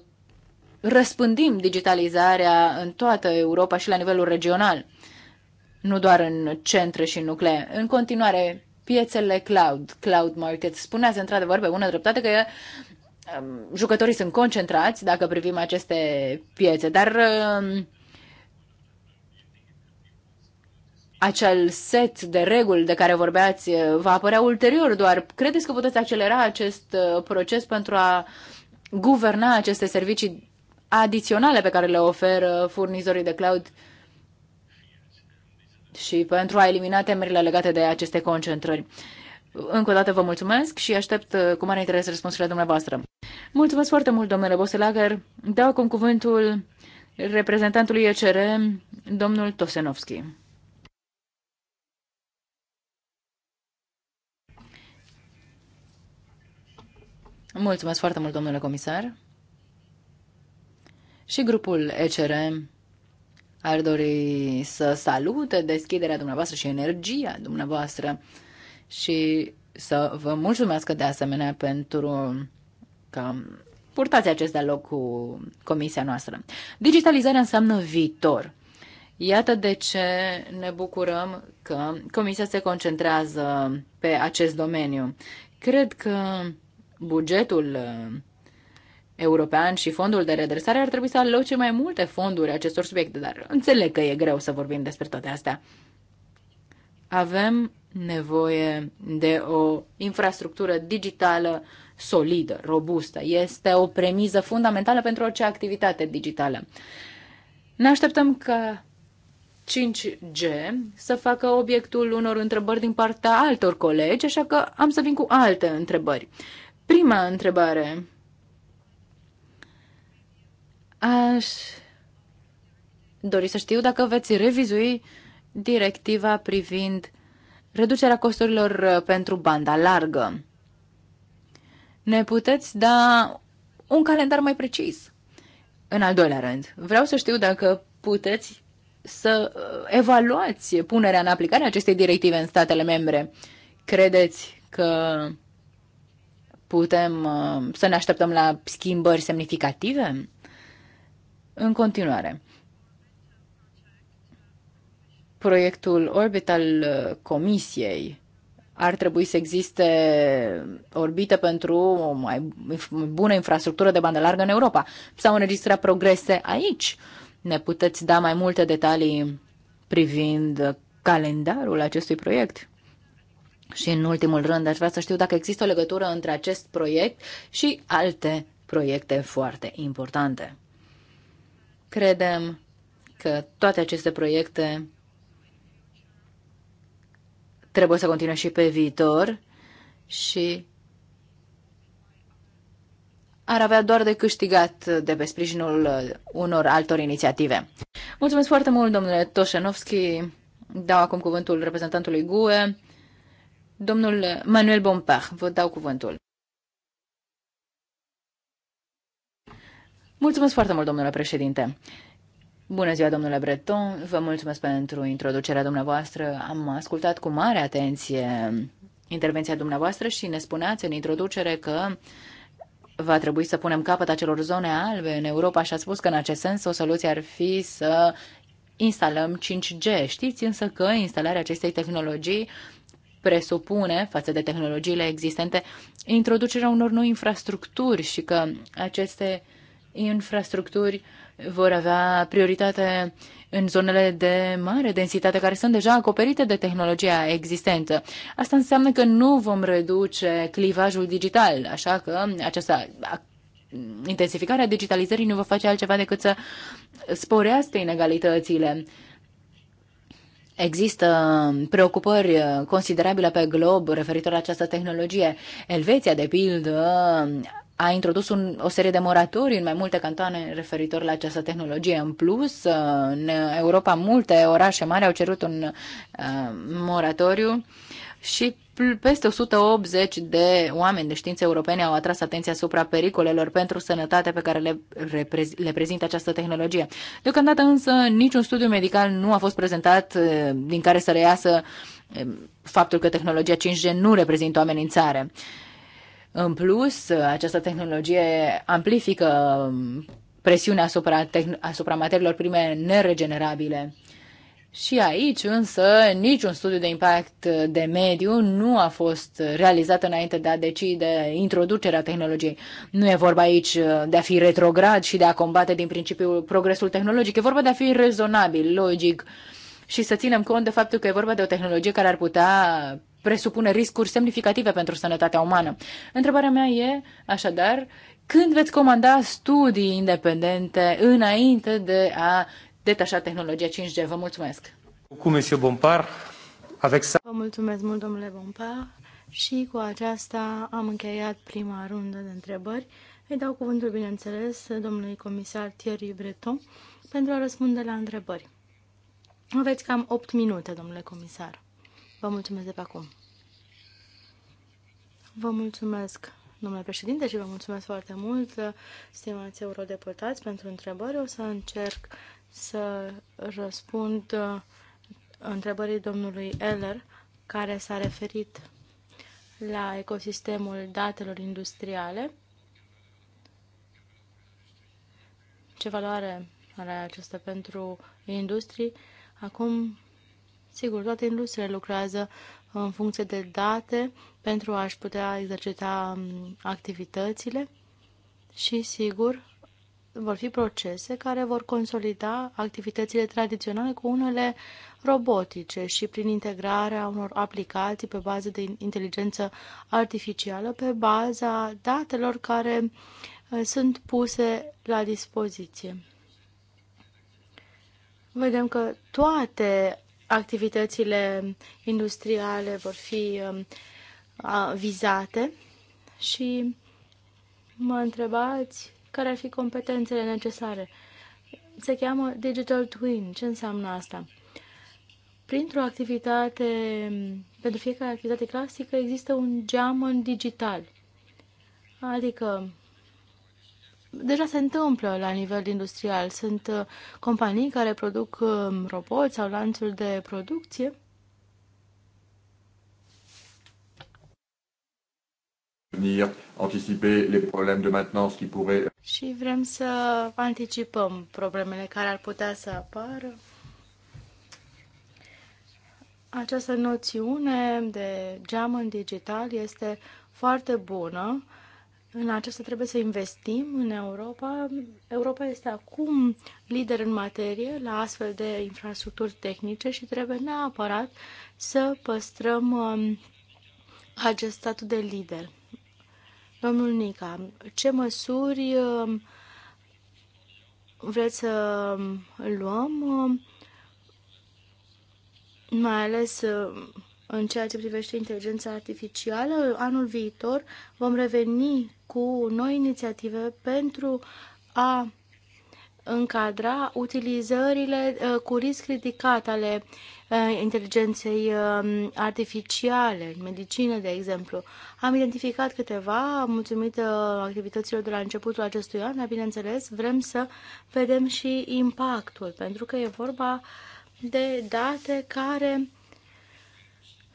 răspândim digitalizarea în toată Europa și la nivelul regional nu doar în centre și nuclee. În continuare, piețele cloud, cloud market, spuneați într-adevăr pe bună dreptate că um, jucătorii sunt concentrați dacă privim aceste piețe, dar um, acel set de reguli de care vorbeați uh, va apărea ulterior, doar credeți că puteți accelera acest uh, proces pentru a guverna aceste servicii adiționale pe care le oferă furnizorii de cloud uh, și pentru a elimina temerile legate de aceste concentrări. Încă o dată vă mulțumesc și aștept uh, cu mare interes răspunsurile dumneavoastră. Mulțumesc foarte mult, domnule Boselager. Dau acum cuvântul reprezentantului ECR, domnul Tosenovski. Mulțumesc foarte mult, domnule comisar. Și grupul ECRM. Ar dori să salute deschiderea dumneavoastră și energia dumneavoastră și să vă mulțumesc de asemenea pentru că purtați acest dialog cu comisia noastră. Digitalizarea înseamnă viitor. Iată de ce ne bucurăm că comisia se concentrează pe acest domeniu. Cred că bugetul European și Fondul de Redresare ar trebui să aloce mai multe fonduri acestor subiecte, dar înțeleg că e greu să vorbim despre toate astea. Avem nevoie de o infrastructură digitală solidă, robustă. Este o premiză fundamentală pentru orice activitate digitală. Ne așteptăm că 5G să facă obiectul unor întrebări din partea altor colegi, așa că am să vin cu alte întrebări. Prima întrebare Aș dori să știu dacă veți revizui directiva privind reducerea costurilor uh, pentru banda largă. Ne puteți da un calendar mai precis? În al doilea rând, vreau să știu dacă puteți să uh, evaluați punerea în aplicare a acestei directive în statele membre. Credeți că putem uh, să ne așteptăm la schimbări semnificative? În continuare, proiectul orbital uh, Comisiei ar trebui să existe orbite pentru o mai bună infrastructură de bandă largă în Europa. S-au înregistrat progrese aici. Ne puteți da mai multe detalii privind calendarul acestui proiect? Și în ultimul rând, aș vrea să știu dacă există o legătură între acest proiect și alte proiecte foarte importante. Credem că toate aceste proiecte trebuie să continue și pe viitor și ar avea doar de câștigat de pe sprijinul unor altor inițiative. Mulțumesc foarte mult, domnule Toșenovski. Dau acum cuvântul reprezentantului GUE, domnul Manuel Bompach. Vă dau cuvântul. Mulțumesc foarte mult, domnule președinte. Bună ziua, domnule Breton. Vă mulțumesc pentru introducerea dumneavoastră. Am ascultat cu mare atenție intervenția dumneavoastră și ne spuneați în introducere că va trebui să punem capăt acelor zone albe în Europa și a spus că în acest sens o soluție ar fi să instalăm 5G. Știți însă că instalarea acestei tehnologii presupune, față de tehnologiile existente, introducerea unor noi infrastructuri și că aceste infrastructuri vor avea prioritate în zonele de mare densitate care sunt deja acoperite de tehnologia existentă. Asta înseamnă că nu vom reduce clivajul digital, așa că această intensificarea digitalizării nu va face altceva decât să sporească inegalitățile. Există preocupări considerabile pe glob referitor la această tehnologie. Elveția, de pildă, a introdus un, o serie de moratorii în mai multe cantoane referitor la această tehnologie. În plus, în Europa, multe orașe mari au cerut un uh, moratoriu și peste 180 de oameni de științe europene au atras atenția asupra pericolelor pentru sănătate pe care le, reprez- le prezintă această tehnologie. Deocamdată însă niciun studiu medical nu a fost prezentat uh, din care să reiasă um, faptul că tehnologia 5G nu reprezintă o amenințare. În plus, această tehnologie amplifică presiunea asupra, asupra materiilor prime neregenerabile. Și aici, însă, niciun studiu de impact de mediu nu a fost realizat înainte de a decide introducerea tehnologiei. Nu e vorba aici de a fi retrograd și de a combate din principiu progresul tehnologic, e vorba de a fi rezonabil, logic și să ținem cont de faptul că e vorba de o tehnologie care ar putea presupune riscuri semnificative pentru sănătatea umană. Întrebarea mea e, așadar, când veți comanda studii independente înainte de a detașa tehnologia 5G? Vă mulțumesc! Cu Monsieur Bompar, avec Vă mulțumesc mult, domnule Bompar, și cu aceasta am încheiat prima rundă de întrebări. Îi dau cuvântul, bineînțeles, domnului comisar Thierry Breton pentru a răspunde la întrebări. Aveți cam 8 minute, domnule comisar. Vă mulțumesc de pe acum. Vă mulțumesc, domnule președinte, și vă mulțumesc foarte mult, stimați eurodeputați, pentru întrebări. O să încerc să răspund uh, întrebării domnului Eller, care s-a referit la ecosistemul datelor industriale. Ce valoare are acesta pentru industrie? Acum Sigur, toate industriile lucrează în funcție de date pentru a-și putea exercita activitățile și, sigur, vor fi procese care vor consolida activitățile tradiționale cu unele robotice și prin integrarea unor aplicații pe bază de inteligență artificială, pe baza datelor care sunt puse la dispoziție. Vedem că toate activitățile industriale vor fi um, vizate și mă întrebați care ar fi competențele necesare. Se cheamă Digital Twin. Ce înseamnă asta? Printr-o activitate, pentru fiecare activitate clasică există un geamăn digital. Adică deja se întâmplă la nivel industrial. Sunt uh, companii care produc um, roboți sau lanțuri de producție. Și vrem să anticipăm problemele care ar putea să apară. Această noțiune de geam în digital este foarte bună în aceasta trebuie să investim în Europa. Europa este acum lider în materie la astfel de infrastructuri tehnice și trebuie neapărat să păstrăm um, acest statut de lider. Domnul Nica, ce măsuri um, vreți să um, luăm, mai ales în ceea ce privește inteligența artificială, anul viitor vom reveni cu noi inițiative pentru a încadra utilizările uh, cu risc ridicat ale uh, inteligenței um, artificiale, în medicină, de exemplu. Am identificat câteva, mulțumită uh, activităților de la începutul acestui an, dar, bineînțeles, vrem să vedem și impactul, pentru că e vorba de date care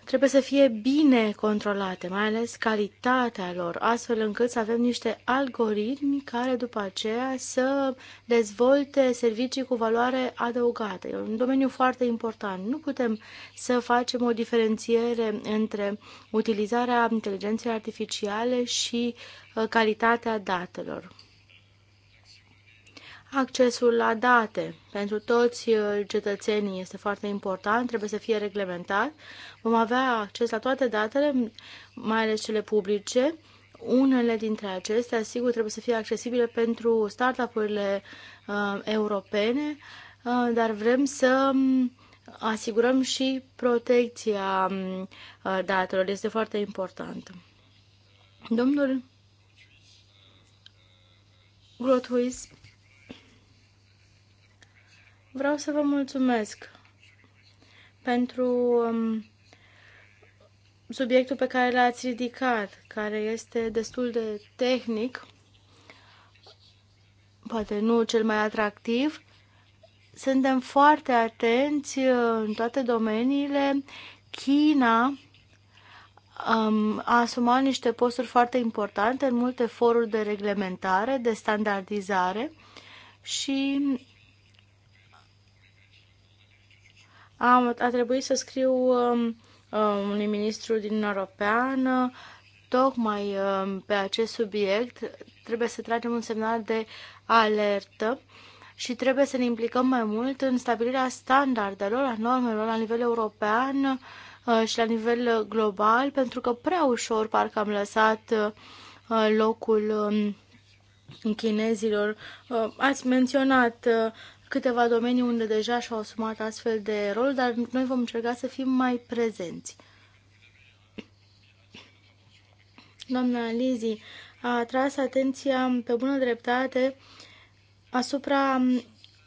trebuie să fie bine controlate, mai ales calitatea lor, astfel încât să avem niște algoritmi care după aceea să dezvolte servicii cu valoare adăugată. E un domeniu foarte important. Nu putem să facem o diferențiere între utilizarea inteligenței artificiale și uh, calitatea datelor. Accesul la date pentru toți uh, cetățenii este foarte important, trebuie să fie reglementat. Vom avea acces la toate datele, mai ales cele publice. Unele dintre acestea, sigur, trebuie să fie accesibile pentru startup-urile uh, europene, uh, dar vrem să um, asigurăm și protecția um, uh, datelor. Este foarte important. Domnul Grothuis. Vreau să vă mulțumesc pentru um, subiectul pe care l-ați ridicat, care este destul de tehnic, poate nu cel mai atractiv. Suntem foarte atenți uh, în toate domeniile. China um, a asumat niște posturi foarte importante în multe foruri de reglementare, de standardizare și Am, a trebuit să scriu um, um unui ministru din Europeană tocmai um, pe acest subiect. Trebuie să tragem un semnal de alertă și trebuie să ne implicăm mai mult în stabilirea standardelor, a normelor la nivel european uh, și la nivel global, pentru că prea ușor parcă am lăsat uh, locul um, chinezilor. Uh, ați menționat câteva domenii unde deja și-au asumat astfel de rol, dar noi vom încerca să fim mai prezenți. Doamna Lizi a atras atenția pe bună dreptate asupra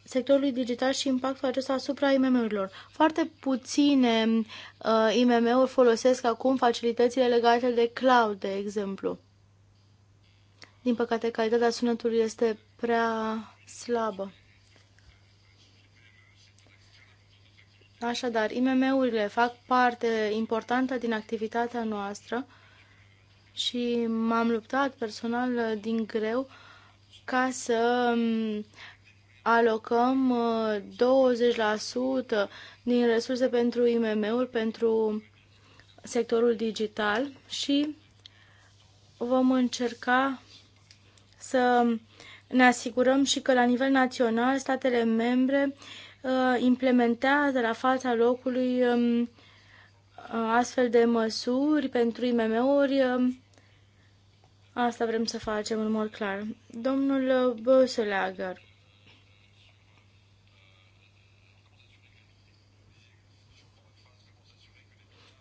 sectorului digital și impactul acesta asupra IMM-urilor. Foarte puține uh, IMM-uri folosesc acum facilitățile legate de cloud, de exemplu. Din păcate, calitatea sunetului este prea slabă. Așadar, IMM-urile fac parte importantă din activitatea noastră și m-am luptat personal din greu ca să mm, alocăm 20% din resurse pentru IMM-uri, pentru sectorul digital și vom încerca să ne asigurăm și că la nivel național statele membre uh, Uh, implementează la fața locului um, uh, astfel de măsuri pentru IMM-uri. Um, asta vrem să facem în mod clar. Domnul uh, Böselager.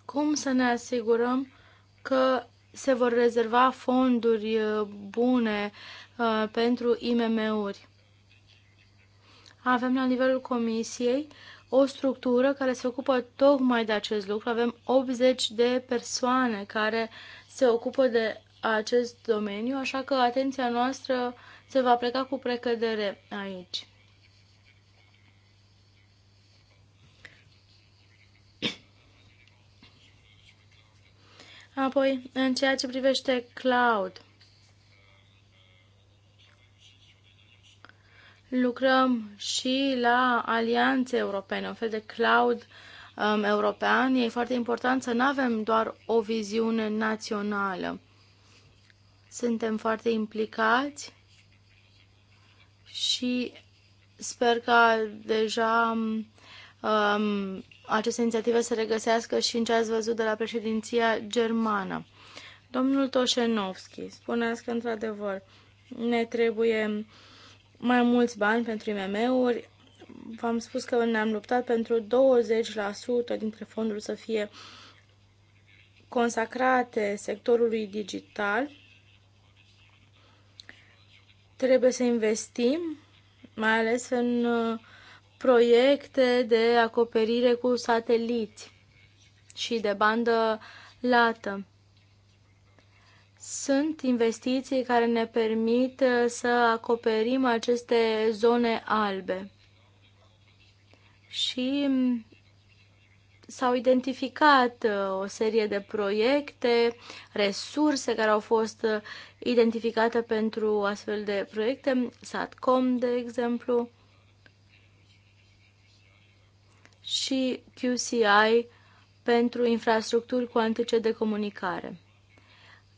Cum să ne asigurăm că se vor rezerva fonduri bune pentru IMM-uri? avem la nivelul comisiei o structură care se ocupă tocmai de acest lucru. Avem 80 de persoane care se ocupă de acest domeniu, așa că atenția noastră se va pleca cu precădere aici. Apoi, în ceea ce privește cloud, Lucrăm și la alianțe europene, un fel de cloud um, european. E foarte important să nu avem doar o viziune națională. Suntem foarte implicați și sper că deja um, aceste inițiative se regăsească și în ce ați văzut de la președinția germană. Domnul Toșenovski, spuneați că, într-adevăr, ne trebuie mai mulți bani pentru IMM-uri. V-am spus că ne-am luptat pentru 20% dintre fonduri să fie consacrate sectorului digital. Trebuie să investim, mai ales în uh, proiecte de acoperire cu sateliți și de bandă lată. Sunt investiții care ne permit uh, să acoperim aceste zone albe. Și mm, s-au identificat uh, o serie de proiecte, resurse care au fost uh, identificate pentru astfel de proiecte, SATCOM, de exemplu, și QCI pentru infrastructuri cuantice de comunicare.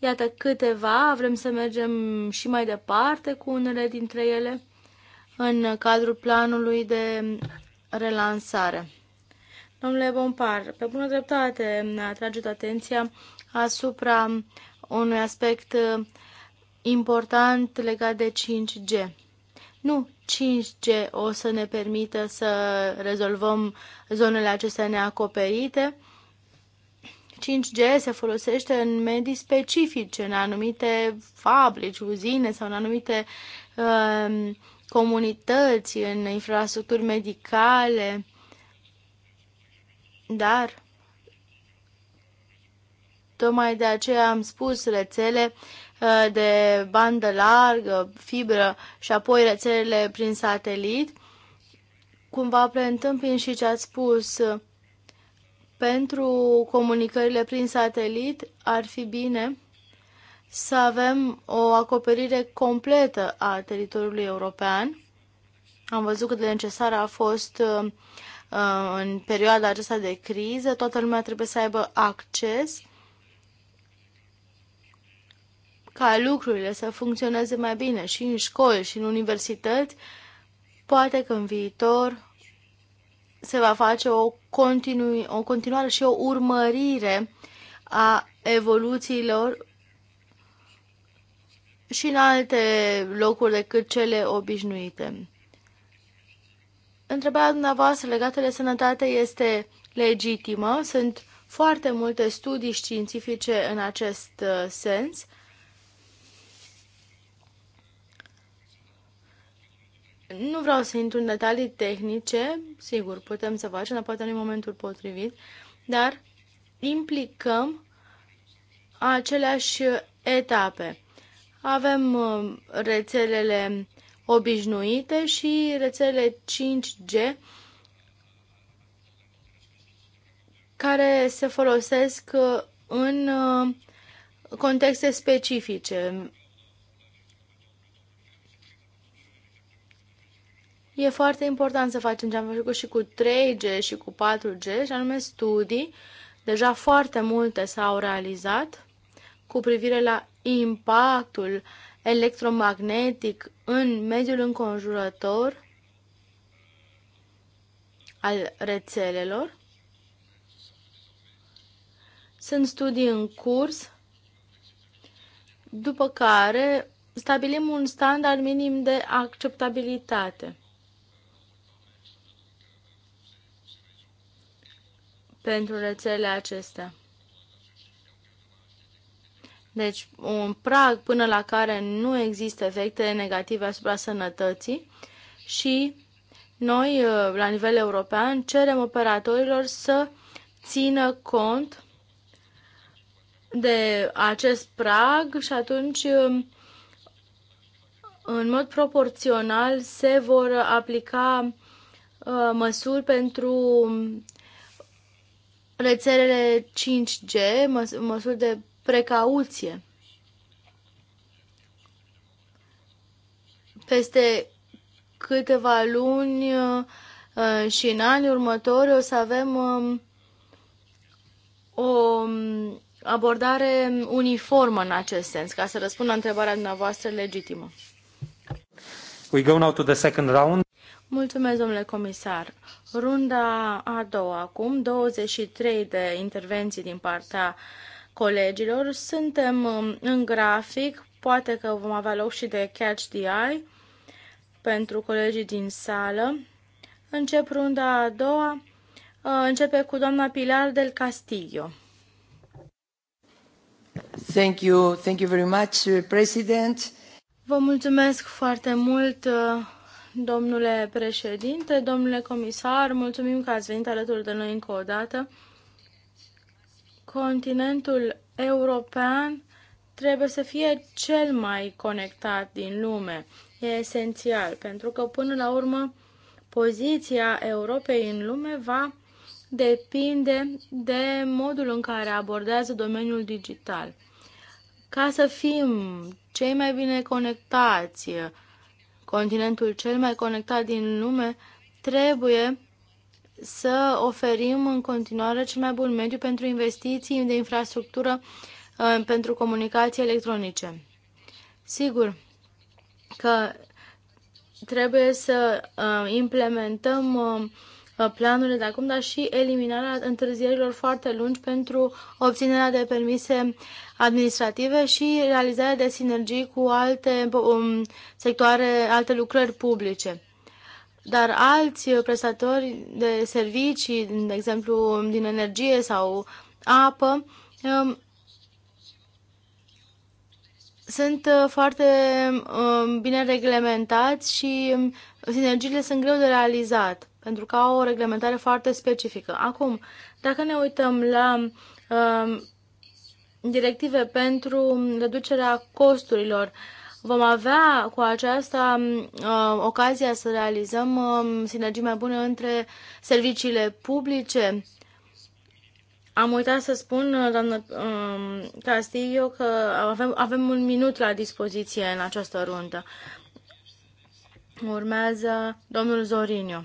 Iată câteva, vrem să mergem și mai departe cu unele dintre ele în cadrul planului de relansare. Domnule Bompar, pe bună dreptate atrageți atenția asupra unui aspect uh, important legat de 5G. Nu 5G o să ne permită să rezolvăm zonele acestea neacoperite, 5G se folosește în medii specifice, în anumite fabrici, uzine sau în anumite uh, comunități, în infrastructuri medicale. Dar Tocmai de aceea am spus rețele uh, de bandă largă, fibră și apoi rețelele prin satelit. Cumva preîntâmpin și ce ați spus, pentru comunicările prin satelit ar fi bine să avem o acoperire completă a teritoriului european. Am văzut cât de necesară a fost uh, uh, în perioada aceasta de criză. Toată lumea trebuie să aibă acces ca lucrurile să funcționeze mai bine și în școli și în universități. Poate că în viitor se va face o, continu, o continuare și o urmărire a evoluțiilor și în alte locuri decât cele obișnuite. Întrebarea dumneavoastră legată de sănătate este legitimă. Sunt foarte multe studii științifice în acest uh, sens Nu vreau să intru în detalii tehnice, sigur, putem să facem, dar poate nu momentul potrivit, dar implicăm aceleași etape. Avem uh, rețelele obișnuite și rețelele 5G care se folosesc uh, în uh, contexte specifice E foarte important să facem ce am făcut și cu 3G și cu 4G, și anume studii. Deja foarte multe s-au realizat cu privire la impactul electromagnetic în mediul înconjurător al rețelelor. Sunt studii în curs, după care stabilim un standard minim de acceptabilitate. pentru rețelele acestea. Deci, un prag până la care nu există efecte negative asupra sănătății și noi, uh, la nivel european, cerem operatorilor să țină cont de acest prag și atunci, um, în mod proporțional, se vor aplica uh, măsuri pentru rețelele 5G, măs- măsuri de precauție. Peste câteva luni uh, și în anii următori o să avem um, o um, abordare uniformă în acest sens, ca să răspund la întrebarea dumneavoastră legitimă. We go now to the second round. Mulțumesc, domnule comisar. Runda a doua acum, 23 de intervenții din partea colegilor. Suntem um, în grafic, poate că vom avea loc și de catch the eye pentru colegii din sală. Încep runda a doua. Uh, începe cu doamna Pilar del Castillo. Thank you, thank you very much, uh, President. Vă mulțumesc foarte mult, uh, domnule președinte, domnule comisar, mulțumim că ați venit alături de noi încă o dată. Continentul european trebuie să fie cel mai conectat din lume. E esențial, pentru că până la urmă poziția Europei în lume va depinde de modul în care abordează domeniul digital. Ca să fim cei mai bine conectați, continentul cel mai conectat din lume, trebuie să oferim în continuare cel mai bun mediu pentru investiții de infrastructură uh, pentru comunicații electronice. Sigur că trebuie să uh, implementăm uh, Uh, planurile de acum, dar și eliminarea întârzierilor foarte lungi pentru obținerea de permise administrative și realizarea de sinergii cu alte um, sectoare, alte lucrări publice. Dar alți prestatori de servicii, de exemplu din energie sau apă, um, sunt uh, foarte um, bine reglementați și um, sinergiile sunt greu de realizat pentru că au o reglementare foarte specifică. Acum, dacă ne uităm la uh, directive pentru reducerea costurilor, vom avea cu aceasta uh, ocazia să realizăm uh, sinergii mai bune între serviciile publice. Am uitat să spun, doamnă uh, Castillo, că avem, avem un minut la dispoziție în această rundă. Urmează domnul Zorinio.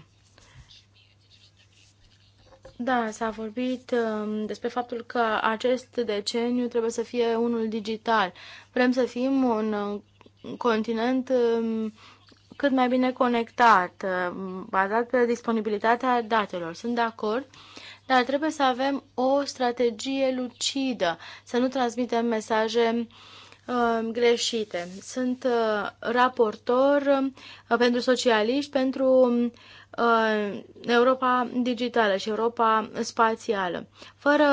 Da, s-a vorbit um, despre faptul că acest deceniu trebuie să fie unul digital. Vrem să fim un uh, continent um, cât mai bine conectat, um, bazat pe disponibilitatea datelor. Sunt de acord, dar trebuie să avem o strategie lucidă, să nu transmitem mesaje greșite. Sunt uh, raportor uh, pentru socialiști, pentru Uh, Europa digitală și Europa spațială. Fără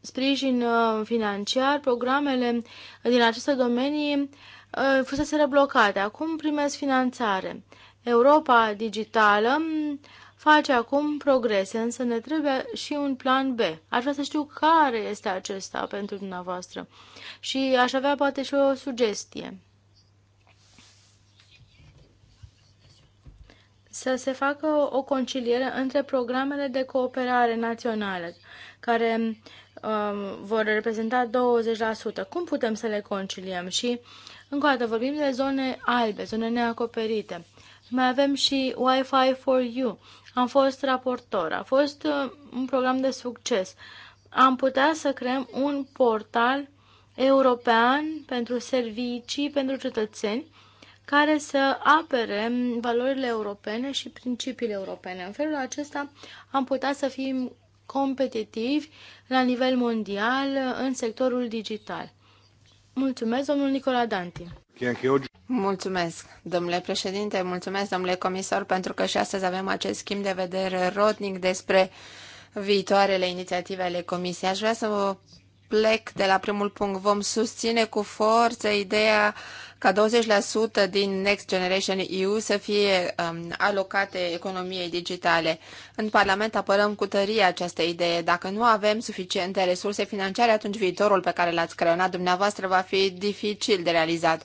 sprijin uh, financiar, programele din aceste domenii uh, fusese blocate. Acum primesc finanțare. Europa digitală mm, face acum progrese, însă ne trebuie și un plan B. Aș vrea să știu care este acesta pentru dumneavoastră și aș avea poate și o sugestie. să se facă o conciliere între programele de cooperare naționale, care um, vor reprezenta 20%. Cum putem să le conciliem? Și, încă o dată, vorbim de zone albe, zone neacoperite. Mai avem și Wi-Fi for You. Am fost raportor. A fost uh, un program de succes. Am putea să creăm un portal european pentru servicii, pentru cetățeni, care să apere valorile europene și principiile europene. În felul acesta am putea să fim competitivi la nivel mondial în sectorul digital. Mulțumesc, domnul Nicola Danti. Mulțumesc, domnule președinte, mulțumesc, domnule comisar, pentru că și astăzi avem acest schimb de vedere rotnic despre viitoarele inițiative ale Comisiei. Aș vrea să vă plec de la primul punct. Vom susține cu forță ideea ca 20% din Next Generation EU să fie um, alocate economiei digitale. În Parlament apărăm cu tărie această idee. Dacă nu avem suficiente resurse financiare, atunci viitorul pe care l-ați creionat dumneavoastră va fi dificil de realizat.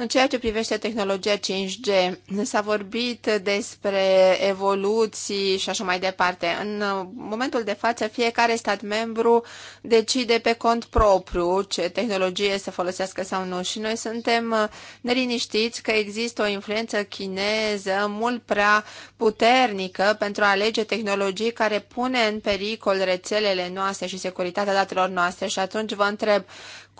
În ceea ce privește tehnologia 5G, s-a vorbit despre evoluții și așa mai departe. În momentul de față, fiecare stat membru decide pe cont propriu ce tehnologie să folosească sau nu și noi suntem neliniștiți că există o influență chineză mult prea puternică pentru a alege tehnologii care pune în pericol rețelele noastre și securitatea datelor noastre și atunci vă întreb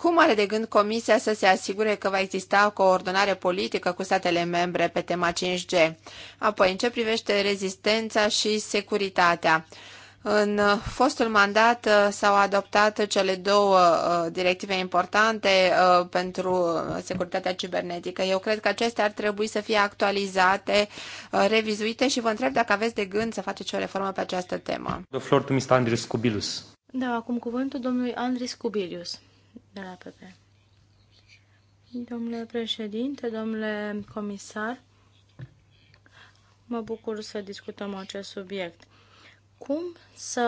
cum are de gând Comisia să se asigure că va exista coordonare politică cu statele membre pe tema 5G? Apoi, în ce privește rezistența și securitatea? În fostul mandat uh, s-au adoptat cele două uh, directive importante uh, pentru securitatea cibernetică. Eu cred că acestea ar trebui să fie actualizate, revizuite și vă întreb dacă aveți de gând să faceți o reformă pe această temă. The floor to Mr. Andris Cubilus. Da, acum cuvântul domnului Andris Cubilius de la PP. Domnule președinte, domnule comisar, mă bucur să discutăm acest subiect. Cum să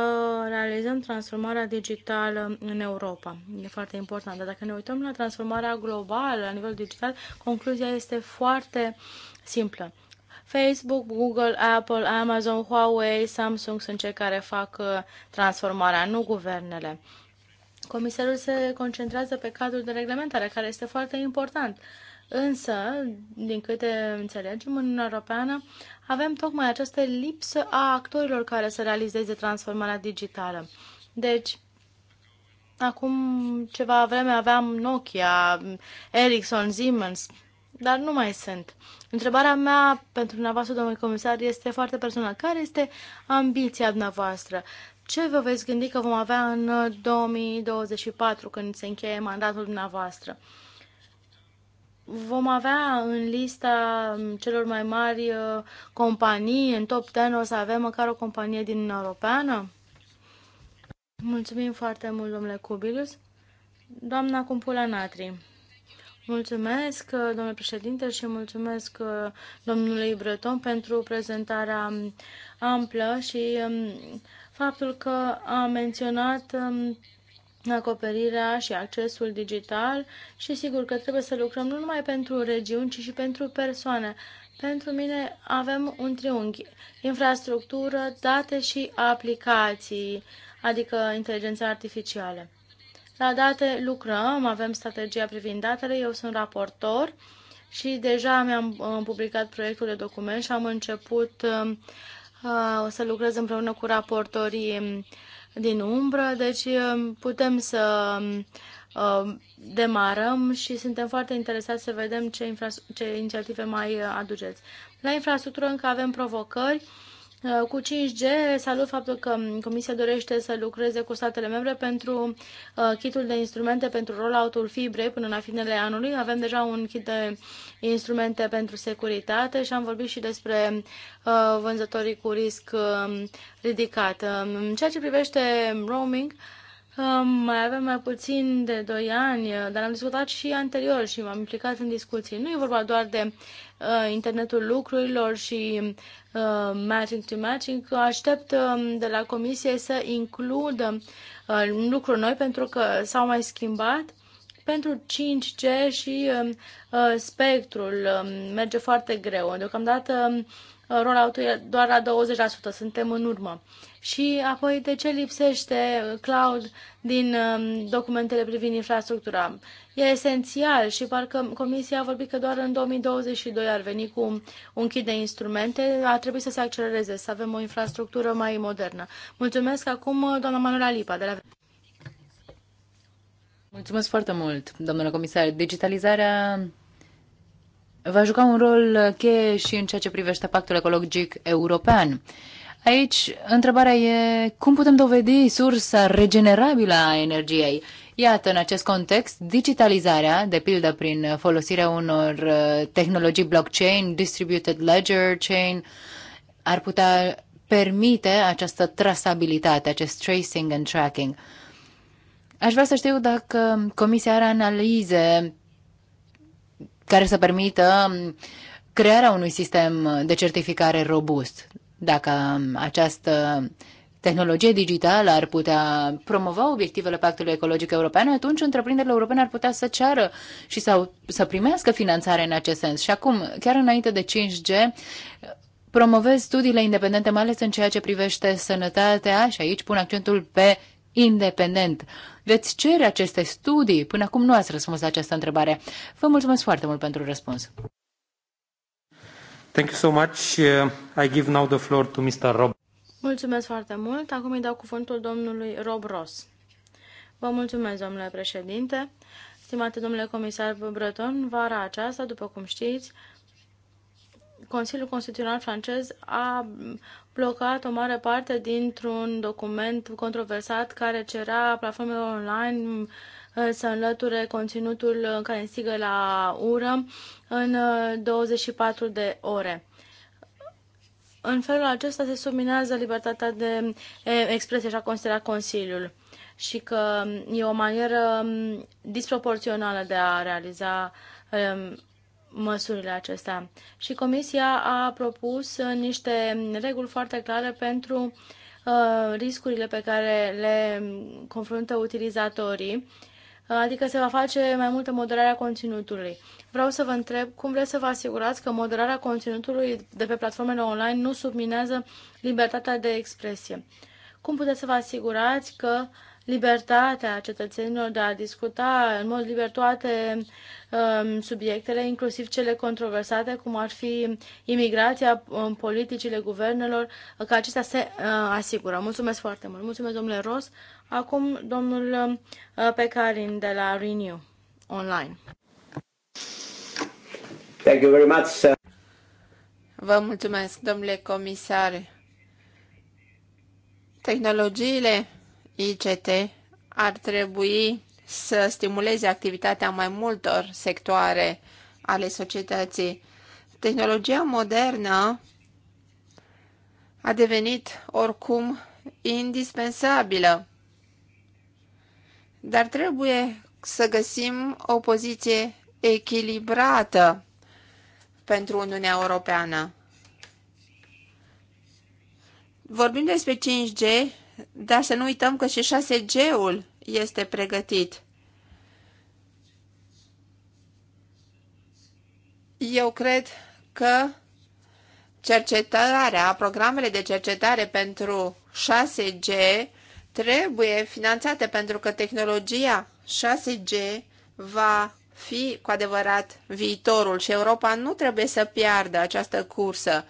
realizăm transformarea digitală în Europa? E foarte importantă. Dacă ne uităm la transformarea globală la nivel digital, concluzia este foarte simplă. Facebook, Google, Apple, Amazon, Huawei, Samsung sunt cei care fac uh, transformarea, nu guvernele. Comisarul se concentrează pe cadrul de reglementare, care este foarte important. Însă, din câte înțelegem, în Uniunea Europeană avem tocmai această lipsă a actorilor care să realizeze transformarea digitală. Deci, acum ceva vreme aveam Nokia, Ericsson, Siemens, dar nu mai sunt. Întrebarea mea pentru dumneavoastră, domnul comisar, este foarte personală. Care este ambiția dumneavoastră? ce vă veți gândi că vom avea în 2024 uh, când se încheie mandatul dumneavoastră? Vom avea în lista um, celor mai mari uh, companii, în top 10 o să avem măcar o companie din Europeană? Mulțumim foarte mult, domnule Cubilus. Doamna Cumpula Natri. Mulțumesc, uh, domnule președinte, și mulțumesc domnului Breton pentru prezentarea um, amplă și um, faptul că a menționat um, acoperirea și accesul digital și sigur că trebuie să lucrăm nu numai pentru regiuni, ci și pentru persoane. Pentru mine avem un triunghi, infrastructură, date și aplicații, adică inteligența artificială. La date lucrăm, avem strategia privind datele, eu sunt raportor și deja mi-am uh, publicat proiectul de document și am început um, Ah, o să lucrez împreună cu raportorii din umbră, deci ah, putem să ah, demarăm și suntem foarte interesați să vedem ce, ce inițiative mai aduceți. La infrastructură încă avem provocări Uh, cu 5G salut faptul că um, Comisia dorește să lucreze cu statele membre pentru uh, kitul de instrumente pentru rollout-ul fibrei până la finele anului. Avem deja un kit de instrumente pentru securitate și am vorbit și despre uh, vânzătorii cu risc um, ridicat. Um, în ceea ce privește roaming, mai avem mai puțin de 2 ani, uh, dar am discutat și anterior și m-am implicat în discuții. Nu e vorba doar de uh, internetul lucrurilor și uh, matching to matching. Aștept uh, de la comisie să includă uh, lucruri noi pentru că s-au mai schimbat. Pentru 5G și um, uh, spectrul uh, merge foarte greu. Deocamdată uh, rollout-ul e doar la 20%, suntem în urmă. Uh, și apoi de ce lipsește uh, cloud din um, documentele privind infrastructura? E esențial și parcă Comisia a vorbit că doar în 2022 ar veni cu un kit de instrumente. A trebuit să se accelereze, să avem o infrastructură mai modernă. Mulțumesc acum uh, doamna Manuela Lipa de la Mulțumesc foarte mult, domnule comisar. Digitalizarea va juca un rol cheie și în ceea ce privește pactul ecologic european. Aici, întrebarea e cum putem dovedi sursa regenerabilă a energiei. Iată, în acest context, digitalizarea, de pildă prin folosirea unor uh, tehnologii blockchain, distributed ledger chain, ar putea permite această trasabilitate, acest tracing and tracking. Aș vrea să știu dacă Comisia are analize care să permită um, crearea unui sistem de certificare robust. Dacă această tehnologie digitală ar putea promova obiectivele Pactului Ecologic European, atunci întreprinderile europene ar putea să ceară și să, să primească finanțare în acest sens. Și acum, chiar înainte de 5G, promovez studiile independente, mai ales în ceea ce privește sănătatea și aici pun accentul pe independent. Veți cere aceste studii? Până acum nu ați răspuns la această întrebare. Vă mulțumesc foarte mult pentru răspuns. Thank you so much. Uh, I give now the floor to Mr. Rob. Mulțumesc foarte mult. Acum îi dau cuvântul domnului Rob Ross. Vă mulțumesc, domnule președinte. Stimate domnule comisar Breton, vara aceasta, după cum știți, Consiliul Constituțional francez a blocat o mare parte dintr-un document controversat care cerea platformelor online Uh, să înlăture conținutul uh, care instigă la ură în 24 uh, de ore. În felul acesta se subminează libertatea de expresie, așa considera Consiliul, și că e o manieră um, disproporțională de a realiza um, măsurile acestea. Și Comisia a propus niște reguli foarte clare pentru riscurile pe care le confruntă utilizatorii adică se va face mai multă moderarea conținutului. Vreau să vă întreb cum vreți să vă asigurați că moderarea conținutului de pe platformele online nu subminează libertatea de expresie. Cum puteți să vă asigurați că uh, libertatea cetățenilor de a discuta în mod liber toate um, subiectele, inclusiv cele controversate, cum ar fi imigrația, um, politicile guvernelor, că acestea se uh, asigură. Mulțumesc foarte mult. Mulțumesc, domnule Ros. Acum, domnul uh, Pecarin de la Renew Online. Thank you very much. Sir. Vă mulțumesc, domnule comisar. Tehnologiile ICT ar trebui să stimuleze activitatea mai multor sectoare ale societății. Tehnologia modernă a devenit oricum indispensabilă, dar trebuie să găsim o poziție echilibrată pentru Uniunea Europeană. Vorbim despre 5G dar să nu uităm că și 6G-ul este pregătit. Eu cred că cercetarea, programele de cercetare pentru 6G trebuie finanțate pentru că tehnologia 6G va fi cu adevărat viitorul și Europa nu trebuie să piardă această cursă.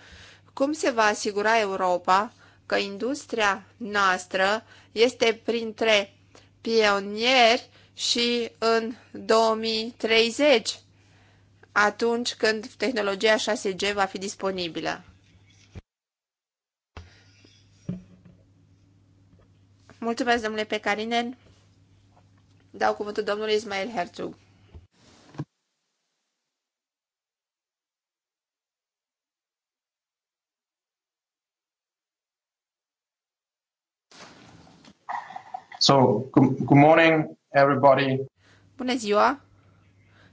Cum se va asigura Europa că industria noastră este printre pionieri și în 2030, atunci când tehnologia 6G va fi disponibilă. Mulțumesc, domnule Pecarinen. Dau cuvântul domnului Ismail Herzog. So, good morning, everybody. Bună ziua!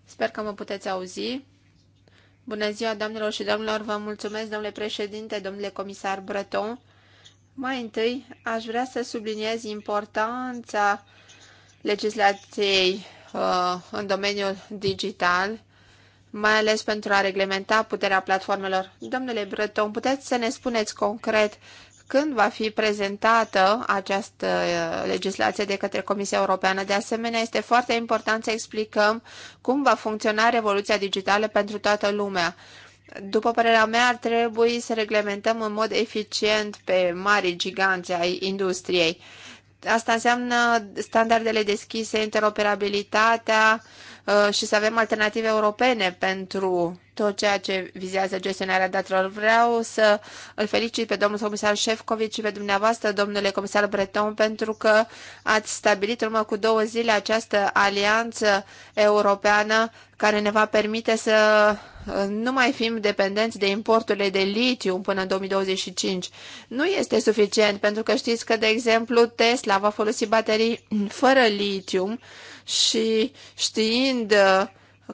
Sper că mă puteți auzi. Bună ziua, doamnelor și domnilor! Vă mulțumesc, domnule președinte, domnule comisar Breton. Mai întâi, aș vrea să subliniez importanța legislației uh, în domeniul digital, mai ales pentru a reglementa puterea platformelor. Domnule Breton, puteți să ne spuneți concret când va fi prezentată această uh, legislație de către Comisia Europeană? De asemenea, este foarte important să explicăm cum va funcționa revoluția digitală pentru toată lumea. După părerea mea, ar trebui să reglementăm în mod eficient pe mari giganți ai industriei Asta înseamnă standardele deschise, interoperabilitatea uh, și să avem alternative europene pentru tot ceea ce vizează gestionarea datelor. Vreau să îl felicit pe domnul comisar Șefcovici și pe dumneavoastră, domnule comisar Breton, pentru că ați stabilit urmă cu două zile această alianță europeană care ne va permite să nu mai fim dependenți de importurile de litiu până în 2025. Nu este suficient, pentru că știți că, de exemplu, Tesla va folosi baterii fără litiu și știind uh,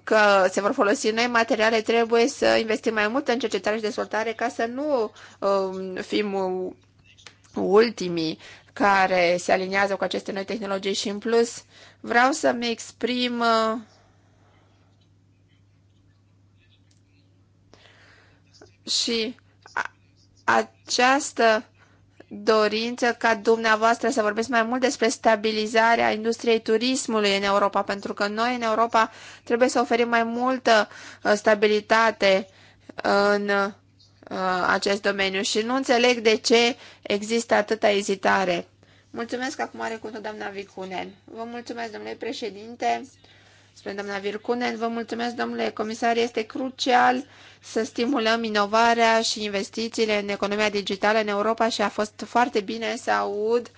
că se vor folosi noi materiale, trebuie să investim mai mult în cercetare și dezvoltare ca să nu um, fim uh, ultimii care se aliniază cu aceste noi tehnologii și în plus vreau să-mi exprim uh, și această dorință ca dumneavoastră să vorbesc mai mult despre stabilizarea industriei turismului în Europa, pentru că noi în Europa trebuie să oferim mai multă uh, stabilitate în uh, acest domeniu și nu înțeleg de ce există atâta ezitare. Mulțumesc acum are cuvântul doamna Vicunen. Vă mulțumesc, domnule președinte spre doamna Vircunen. Vă mulțumesc, domnule comisar. Este crucial să stimulăm inovarea și investițiile în economia digitală în Europa și a fost foarte bine să aud uh,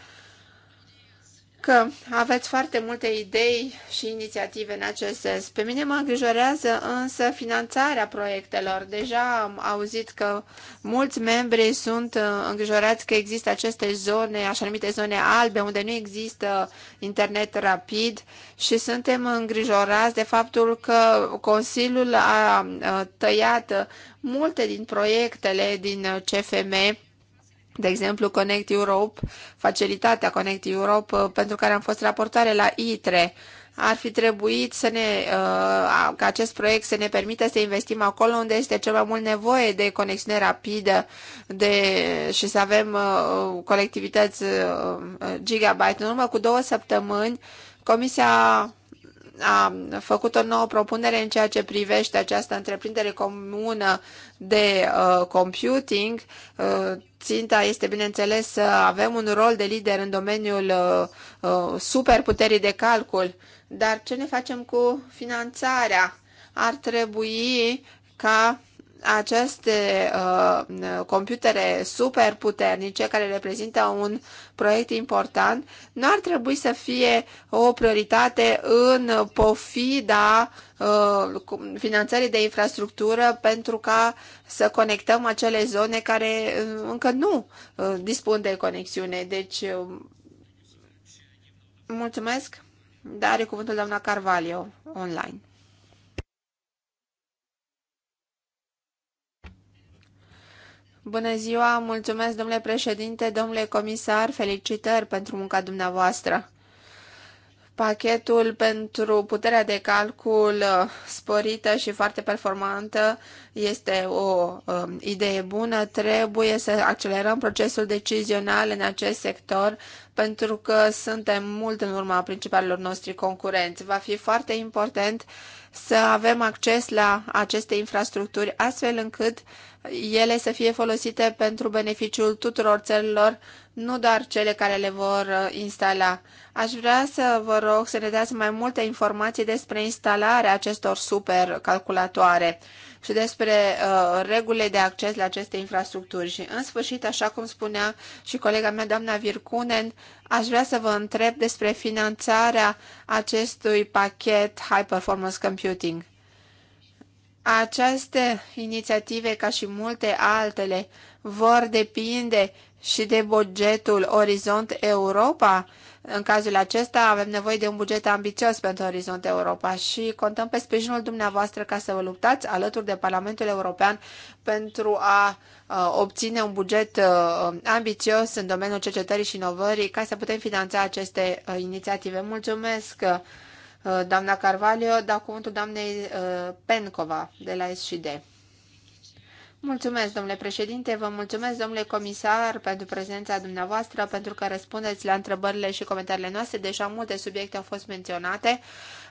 că aveți foarte multe idei și inițiative în acest sens. Pe mine mă îngrijorează însă finanțarea proiectelor. Deja am auzit că mulți membri sunt uh, îngrijorați că există aceste zone, așa numite zone albe, unde nu există internet rapid și suntem îngrijorați de faptul că Consiliul a uh, tăiat multe din proiectele din CFM de exemplu Connect Europe, facilitatea Connect Europe uh, pentru care am fost raportare la ITRE, ar fi trebuit să ne, uh, ca acest proiect să ne permită să investim acolo unde este cel mai mult nevoie de conexiune rapidă de, și să avem uh, colectivități gigabyte. În urmă cu două săptămâni, Comisia a făcut o nouă propunere în ceea ce privește această întreprindere comună de uh, computing. Uh, ținta este, bineînțeles, să avem un rol de lider în domeniul uh, uh, superputerii de calcul, dar ce ne facem cu finanțarea? Ar trebui ca aceste uh, computere super puternice care reprezintă un proiect important nu ar trebui să fie o prioritate în pofida uh, finanțării de infrastructură pentru ca să conectăm acele zone care uh, încă nu uh, dispun de conexiune. Deci, uh, mulțumesc, dar are cuvântul doamna Carvalho online. Bună ziua, mulțumesc domnule președinte, domnule comisar, felicitări pentru munca dumneavoastră. Pachetul pentru puterea de calcul uh, sporită și foarte performantă este o um, idee bună. Trebuie să accelerăm procesul decizional în acest sector pentru că suntem mult în urma principalilor noștri concurenți. Va fi foarte important să avem acces la aceste infrastructuri, astfel încât ele să fie folosite pentru beneficiul tuturor țărilor, nu doar cele care le vor uh, instala. Aș vrea să vă rog să ne dați mai multe informații despre instalarea acestor supercalculatoare și despre uh, regulile de acces la aceste infrastructuri. Și în sfârșit, așa cum spunea și colega mea, doamna Virkunen, aș vrea să vă întreb despre finanțarea acestui pachet High Performance Computing. Aceste inițiative, ca și multe altele, vor depinde și de bugetul Orizont Europa, în cazul acesta avem nevoie de un buget ambițios pentru Orizont Europa și contăm pe sprijinul dumneavoastră ca să vă luptați alături de Parlamentul European pentru a obține un buget ambițios în domeniul cercetării și inovării ca să putem finanța aceste inițiative. Mulțumesc, doamna Carvalho, dau cuvântul doamnei Pencova de la SCD. Mulțumesc, domnule președinte, vă mulțumesc, domnule comisar, pentru prezența dumneavoastră, pentru că răspundeți la întrebările și comentariile noastre. Deja multe subiecte au fost menționate.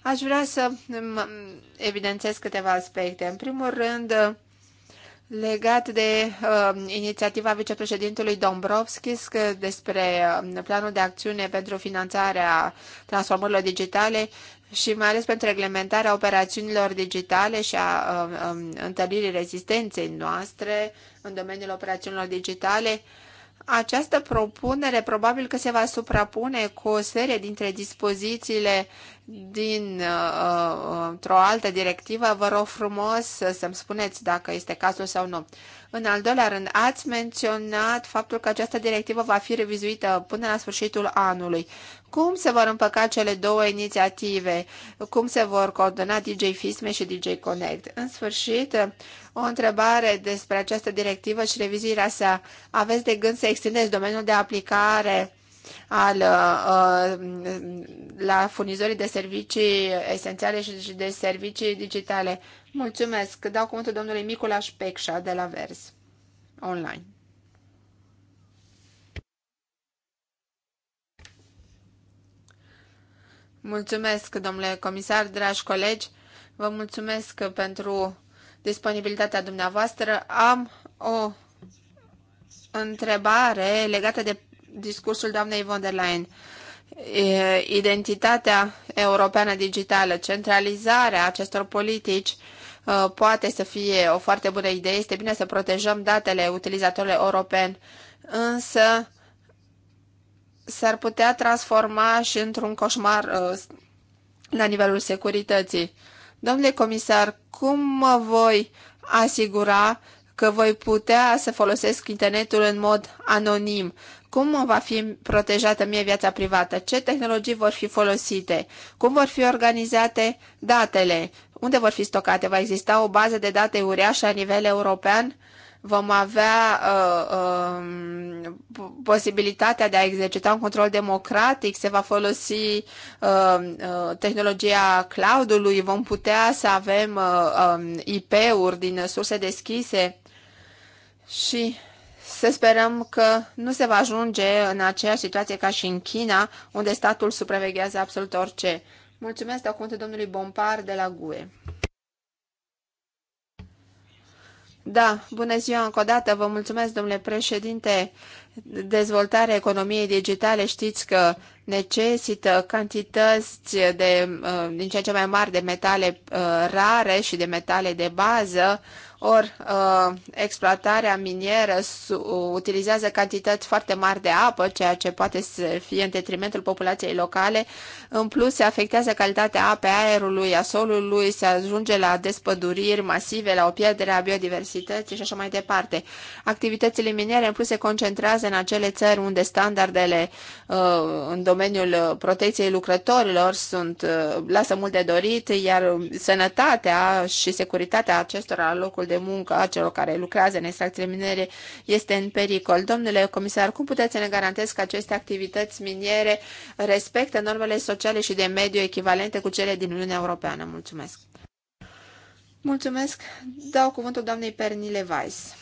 Aș vrea să evidențiez câteva aspecte. În primul rând, legat de uh, inițiativa vicepreședintelui Dombrovskis despre uh, planul de acțiune pentru finanțarea transformărilor digitale, și mai ales pentru reglementarea operațiunilor digitale și a a um, um, întăririi rezistenței noastre în domeniul operațiunilor digitale, această propunere probabil că se va suprapune cu o serie dintre dispozițiile din uh, uh o altă directivă. Vă rog frumos să-mi spuneți dacă este cazul sau nu. În al doilea rând, ați menționat faptul că această directivă va fi revizuită până la sfârșitul anului. Cum se vor împăca cele două inițiative? Cum se vor coordona DJ FISME și DJ Connect? În sfârșit, o întrebare despre această directivă și revizuirea sa. Aveți de gând să extindeți domeniul de aplicare al, uh, la furnizorii de servicii esențiale și de servicii digitale. Mulțumesc. Dau cuvântul domnului Miculaș Pecșa de la Vers online. Mulțumesc, domnule comisar, dragi colegi. Vă mulțumesc pentru disponibilitatea dumneavoastră. Am o întrebare legată de discursul doamnei von der Leyen. Identitatea europeană digitală, centralizarea acestor politici poate să fie o foarte bună idee. Este bine să protejăm datele utilizatorilor europeni, însă s-ar putea transforma și într-un coșmar uh, la nivelul securității. Domnule comisar, cum mă voi asigura că voi putea să folosesc internetul în mod anonim? Cum va fi protejată mie viața privată? Ce tehnologii vor fi folosite? Cum vor fi organizate datele? Unde vor fi stocate? Va exista o bază de date uriașă la nivel european? vom avea uh, uh, posibilitatea de a exercita un control democratic, se va folosi uh, uh, tehnologia cloud-ului, vom putea să avem uh, um, IP-uri din surse deschise și să sperăm că nu se va ajunge în aceeași situație ca și în China, unde statul supraveghează absolut orice. Mulțumesc, acum cuvântul domnului Bompar de la GUE. Da, bună ziua încă o dată, vă mulțumesc, domnule președinte. Dezvoltarea economiei digitale știți că necesită cantități de, uh, din ce în ce mai mari de metale uh, rare și de metale de bază ori uh, exploatarea minieră utilizează cantități foarte mari de apă, ceea ce poate să fie în detrimentul populației locale. În plus, se afectează calitatea apei, aerului, a solului, se ajunge la despăduriri masive, la o pierdere a biodiversității și așa mai departe. Activitățile miniere, în plus, se concentrează în acele țări unde standardele uh, în domeniul protecției lucrătorilor sunt, uh, lasă mult de dorit, iar sănătatea și securitatea acestora la locul locul de muncă a celor care lucrează în extracțiile minere este în pericol. Domnule comisar, cum puteți să ne garantez că aceste activități miniere respectă normele sociale și de mediu echivalente cu cele din Uniunea Europeană? Mulțumesc! Mulțumesc! Dau cuvântul doamnei Pernile Weiss.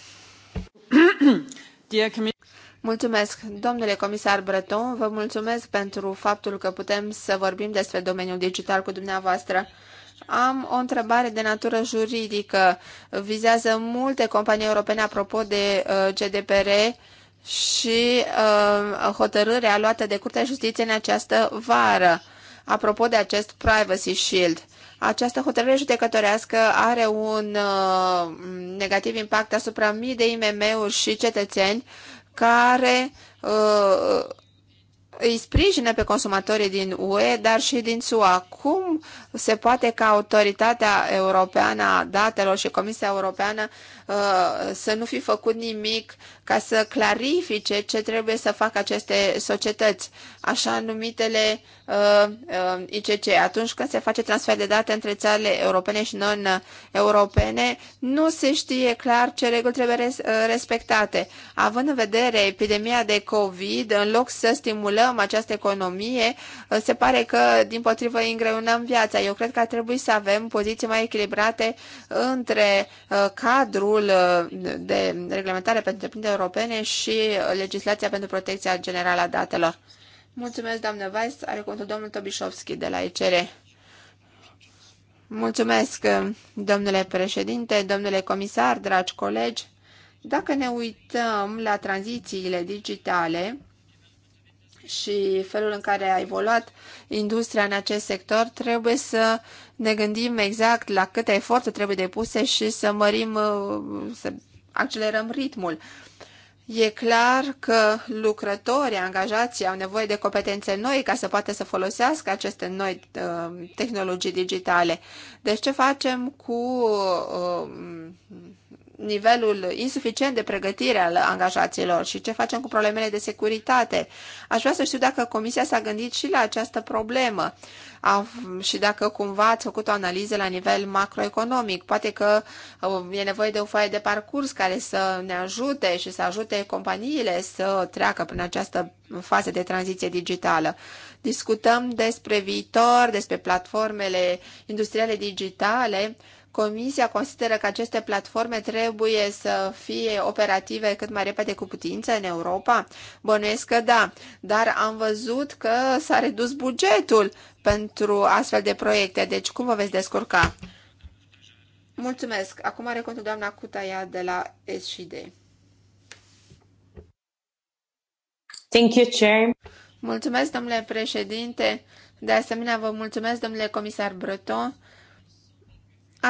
Mulțumesc, domnule comisar Breton, vă mulțumesc pentru faptul că putem să vorbim despre domeniul digital cu dumneavoastră. Am o întrebare de natură juridică. Vizează multe companii europene apropo de uh, GDPR și uh, hotărârea luată de Curtea Justiției în această vară. Apropo de acest Privacy Shield, această hotărâre judecătorească are un uh, negativ impact asupra mii de IMM-uri și cetățeni care uh, îi sprijină pe consumatorii din UE, dar și din SUA. Cum se poate ca Autoritatea Europeană a Datelor și Comisia Europeană Uh, să nu fi făcut nimic ca să clarifice ce trebuie să facă aceste societăți, așa numitele uh, uh, ICC. Atunci când se face transfer de date între țările europene și non-europene, nu se știe clar ce reguli trebuie respectate. Având în vedere epidemia de COVID, în loc să stimulăm această economie, se pare că, din potrivă, îngreunăm viața. Eu cred că ar trebui să avem poziții mai echilibrate între cadrul cadrul uh, de reglementare pentru întreprinderi europene și uh, legislația pentru protecția generală a datelor. Mulțumesc, doamnă Weiss. Are cuvântul domnul Tobișovski de la ICR. Mulțumesc, uh, domnule președinte, domnule comisar, dragi colegi. Dacă ne uităm la tranzițiile digitale, și felul în care a evoluat industria în acest sector, trebuie să ne gândim exact la câte eforturi trebuie depuse și să mărim, uh, să accelerăm ritmul. E clar că lucrătorii, angajații au nevoie de competențe noi ca să poată să folosească aceste noi uh, tehnologii digitale. Deci ce facem cu uh, nivelul insuficient de pregătire al angajaților și ce facem cu problemele de securitate. Aș vrea să știu dacă Comisia s-a gândit și la această problemă și dacă cumva ați făcut o analiză la nivel macroeconomic. Poate că uh, e nevoie de o foaie de parcurs care să ne ajute și să ajute companiile să treacă prin această fază de tranziție digitală. Discutăm despre viitor, despre platformele industriale digitale, Comisia consideră că aceste platforme trebuie să fie operative cât mai repede cu putință în Europa? Bănuiesc că da, dar am văzut că s-a redus bugetul pentru astfel de proiecte, deci cum vă veți descurca? Mulțumesc. Acum are contul doamna Cutaia de la SD. Thank you, Chair. Mulțumesc, domnule președinte. De asemenea, vă mulțumesc, domnule comisar Breton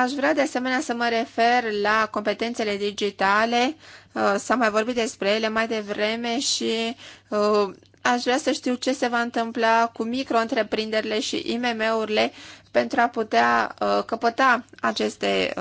Aș vrea de asemenea să mă refer la competențele digitale, uh, s-a mai vorbit despre ele mai devreme și uh, aș vrea să știu ce se va întâmpla cu micro-întreprinderile și IMM-urile pentru a putea uh, căpăta aceste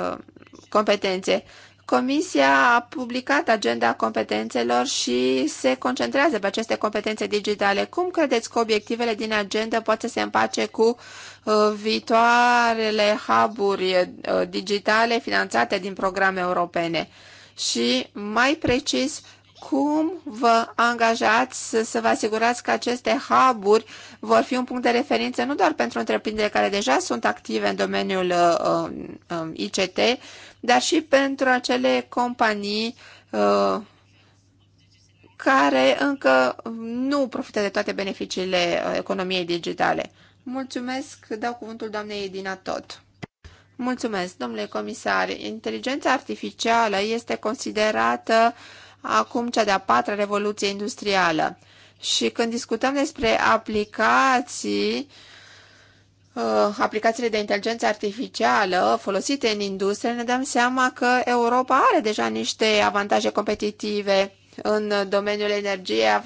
competențe. Comisia a publicat agenda competențelor și se concentrează pe aceste competențe digitale. Cum credeți că obiectivele din agenda pot să se împace cu uh, Uh, viitoarele huburi uh, digitale finanțate din programe europene și mai precis cum vă angajați să, să vă asigurați că aceste hub-uri vor fi un punct de referință nu doar pentru întreprinderi care deja sunt active în domeniul uh, uh um, ICT, dar și pentru acele companii uh, care încă nu profită de toate beneficiile economiei digitale. Mulțumesc, dau cuvântul doamnei Edina Tot. Mulțumesc, domnule comisar. Inteligența artificială este considerată acum cea de-a patra revoluție industrială. Și când discutăm despre aplicații, uh, aplicațiile de inteligență artificială folosite în industrie, ne dăm seama că Europa are deja niște avantaje competitive în domeniul energiei,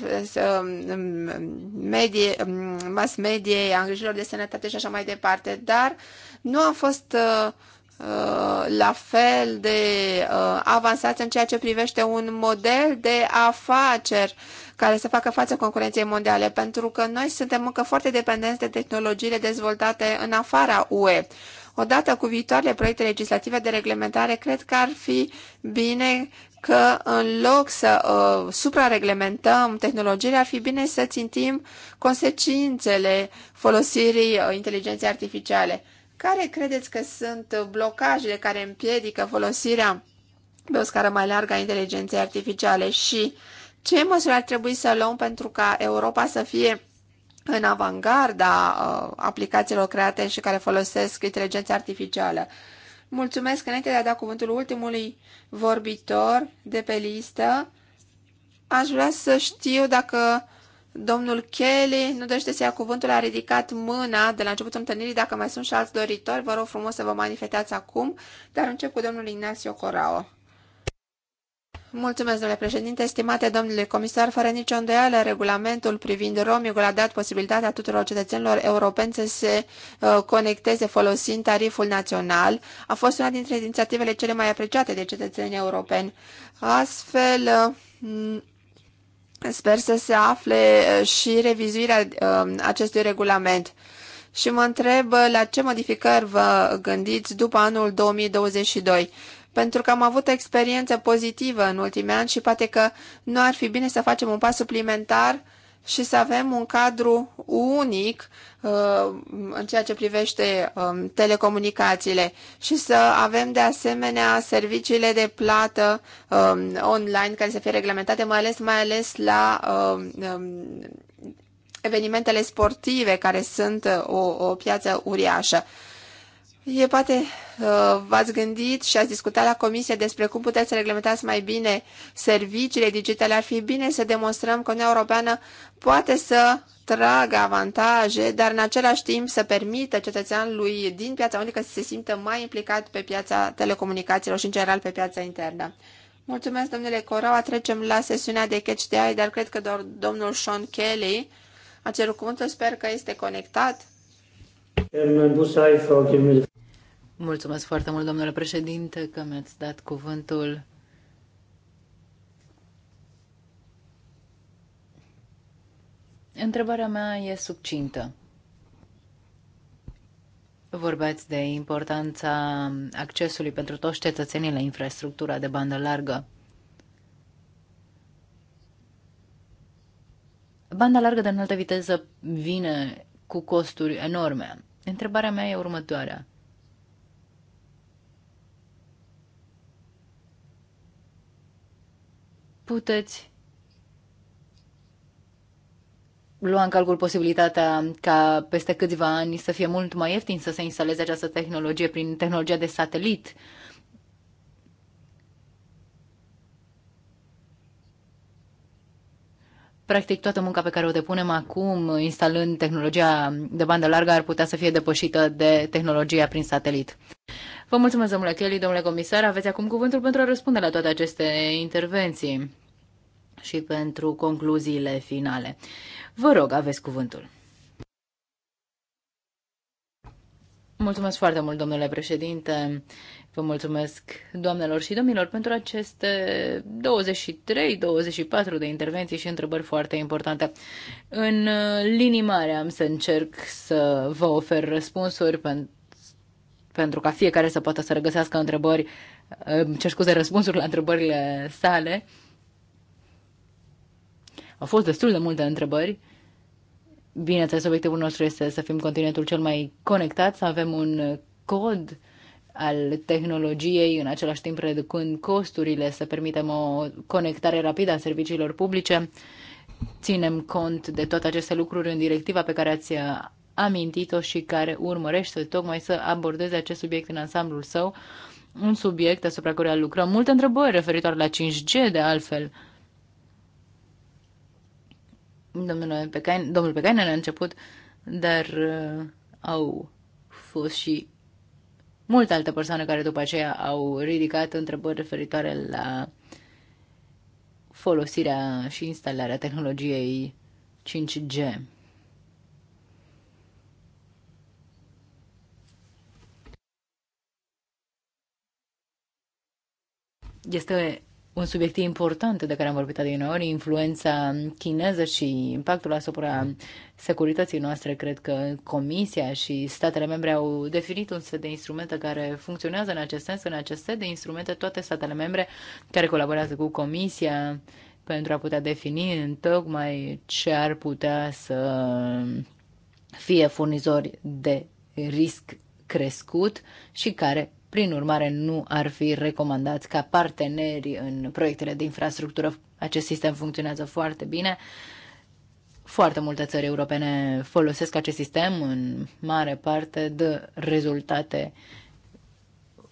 medie, mass mediei, a îngrijirilor de sănătate și așa mai departe, dar nu a fost uh, uh, la fel de uh, avansați în ceea ce privește un model de afaceri care să facă față concurenței mondiale, pentru că noi suntem încă foarte dependenți de tehnologiile dezvoltate în afara UE Odată cu viitoarele proiecte legislative de reglementare, cred că ar fi bine că în loc să uh, suprareglementăm tehnologiile, ar fi bine să țintim consecințele folosirii uh, inteligenței artificiale. Care credeți că sunt blocajele care împiedică folosirea pe o scară mai largă a inteligenței artificiale și ce măsuri ar trebui să luăm pentru ca Europa să fie în avangarda uh, aplicațiilor create și care folosesc inteligența artificială. Mulțumesc înainte de a da cuvântul ultimului vorbitor de pe listă. Aș vrea să știu dacă domnul Kelly nu dește să ia cuvântul, a ridicat mâna de la începutul întâlnirii. Dacă mai sunt și alți doritori, vă rog frumos să vă manifestați acum, dar încep cu domnul Ignacio Corao. Mulțumesc, domnule președinte. Stimate domnule comisar, fără nicio îndoială, regulamentul privind roamingul a dat posibilitatea tuturor cetățenilor europeni să se uh, conecteze folosind tariful național. A fost una dintre inițiativele cele mai apreciate de cetățenii europeni. Astfel, uh, sper să se afle uh, și revizuirea acestui regulament și mă întreb la ce modificări vă gândiți după anul 2022 pentru că am avut o experiență pozitivă în ultimii ani și poate că nu ar fi bine să facem un pas suplimentar și să avem un cadru unic uh, în ceea ce privește um, telecomunicațiile și să avem de asemenea serviciile de plată um, online care să fie reglementate, mai ales, mai ales la um, um evenimentele sportive care sunt uh, o, o piață uriașă. E poate uh, v-ați gândit și ați discutat la comisie despre cum puteți să reglementați mai bine serviciile digitale. Ar fi bine să demonstrăm că Uniunea Europeană poate să tragă avantaje, dar în același timp să permită cetățeanului din piața unică să se simtă mai implicat pe piața telecomunicațiilor și în general pe piața internă. Mulțumesc, domnule Coraua. Trecem la sesiunea de catch de dar cred că doar domnul Sean Kelly a cerut cuvântul. Sper că este conectat. Mulțumesc foarte mult, domnule președinte, că mi-ați dat cuvântul. Întrebarea mea e subcintă. Vorbeați de importanța accesului pentru toți cetățenii la infrastructura de bandă largă. Banda largă de înaltă viteză vine cu costuri enorme. Întrebarea mea e următoarea. Puteți lua în calcul posibilitatea ca peste câțiva ani să fie mult mai ieftin să se instaleze această tehnologie prin tehnologia de satelit practic toată munca pe care o depunem acum instalând tehnologia de bandă largă ar putea să fie depășită de tehnologia prin satelit. Vă mulțumesc, domnule Kelly, domnule comisar. Aveți acum cuvântul pentru a răspunde la toate aceste intervenții și pentru concluziile finale. Vă rog, aveți cuvântul. Mulțumesc foarte mult, domnule președinte. Vă mulțumesc, doamnelor și domnilor, pentru aceste 23-24 de intervenții și întrebări foarte importante. În uh, linii mari am să încerc să vă ofer răspunsuri pentru pentru ca fiecare să poată să regăsească întrebări, uh, cer scuze, răspunsuri la întrebările sale. Au fost destul de multe întrebări. Bineînțeles, obiectivul nostru este să fim continentul cel mai conectat, să avem un cod al tehnologiei, în același timp reducând costurile, să permitem o conectare rapidă a serviciilor publice. Ținem cont de toate aceste lucruri în directiva pe care ați amintit-o și care urmărește tocmai să abordeze acest subiect în ansamblul său, un subiect asupra care lucrăm. Multe întrebări referitoare la 5G, de altfel. Domnul pecain, domnul pecain a început, dar uh, au fost și multe alte persoane care după aceea au ridicat întrebări referitoare la folosirea și instalarea tehnologiei 5G. Este un subiect important de care am vorbit adineori, influența chineză și impactul asupra securității noastre. Cred că Comisia și statele membre au definit un set de instrumente care funcționează în acest sens. În acest set de instrumente, toate statele membre care colaborează cu Comisia pentru a putea defini în tocmai ce ar putea să fie furnizori de risc crescut și care prin urmare, nu ar fi recomandați ca parteneri în proiectele de infrastructură. Acest sistem funcționează foarte bine. Foarte multe țări europene folosesc acest sistem, în mare parte dă rezultate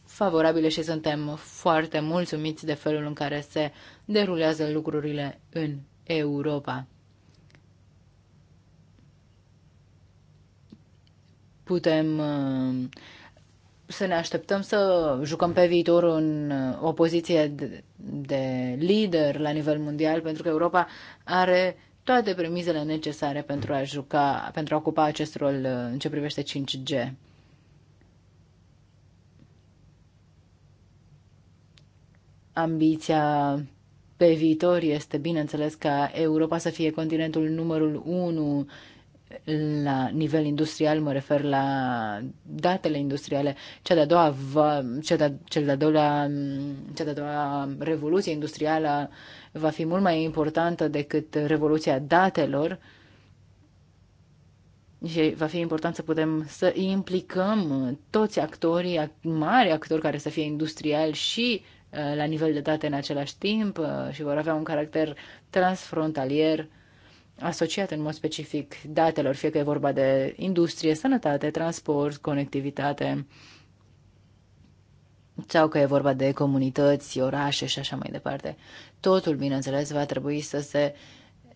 favorabile și suntem foarte mulțumiți de felul în care se derulează lucrurile în Europa. Putem uh, să ne așteptăm să jucăm pe viitor în uh, o poziție de, de lider la nivel mondial, pentru că Europa are toate premizele necesare pentru a juca, pentru a ocupa acest rol uh, în ce privește 5G. Ambiția pe viitor este, bineînțeles, ca Europa să fie continentul numărul 1 la nivel industrial, mă refer la datele industriale, cea de-a doua, cea de-a, cea de-a doua, cea de-a doua revoluție industrială va fi mult mai importantă decât revoluția datelor și va fi important să putem să implicăm toți actorii, mari actori care să fie industriali și uh, la nivel de date în același timp uh, și vor avea un caracter transfrontalier asociate în mod specific datelor, fie că e vorba de industrie, sănătate, transport, conectivitate, sau că e vorba de comunități, orașe și așa mai departe. Totul, bineînțeles, va trebui să se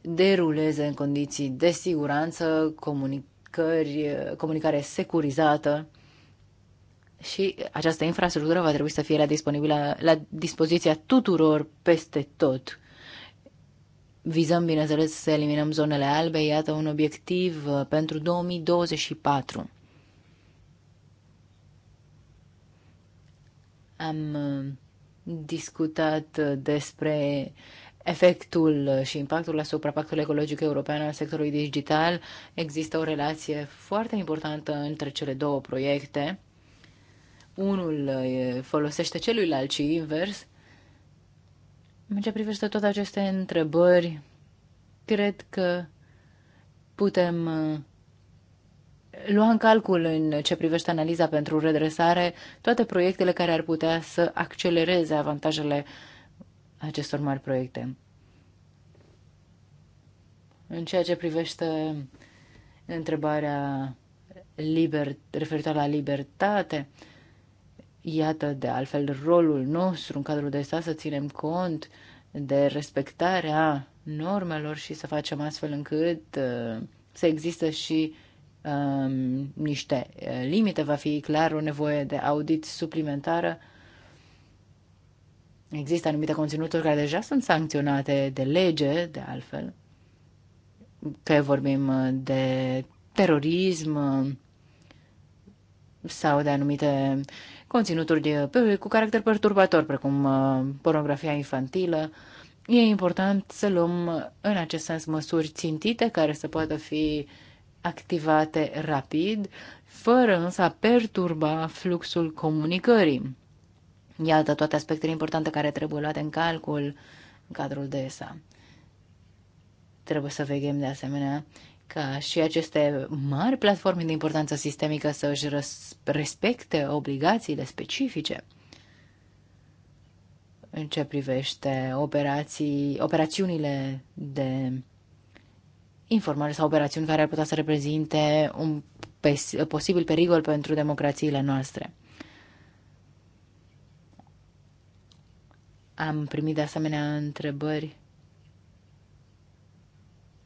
deruleze în condiții de siguranță, comunicări, comunicare securizată și această infrastructură va trebui să fie la, disponibilă la dispoziția tuturor peste tot. Vizăm, bineînțeles, să eliminăm zonele albe. Iată un obiectiv uh, pentru 2024. Am uh, discutat uh, despre efectul și impactul asupra pactului ecologic european al sectorului digital. Există o relație foarte importantă între cele două proiecte. Unul folosește celuilalt și invers. În ce privește toate aceste întrebări, cred că putem uh, lua în calcul în ce privește analiza pentru redresare toate proiectele care ar putea să accelereze avantajele acestor mari proiecte. În ceea ce privește întrebarea liber, referitoare la libertate, Iată, de altfel, rolul nostru în cadrul de stat să ținem cont de respectarea normelor și să facem astfel încât uh, să există și um, niște uh, limite. Va fi clar o nevoie de audit suplimentară. Există anumite conținuturi care deja sunt sancționate de lege, de altfel, că vorbim uh, de terorism sau de anumite uh, conținuturi de, cu caracter perturbator, precum uh, pornografia infantilă. E important să luăm în acest sens măsuri țintite care să poată fi activate rapid, fără însă a perturba fluxul comunicării. Iată toate aspectele importante care trebuie luate în calcul în cadrul DSA. Trebuie să veghem de asemenea ca și aceste mari platforme de importanță sistemică să își respecte obligațiile specifice în ce privește operații, operațiunile de informare sau operațiuni care ar putea să reprezinte un posibil pericol pentru democrațiile noastre. Am primit de asemenea întrebări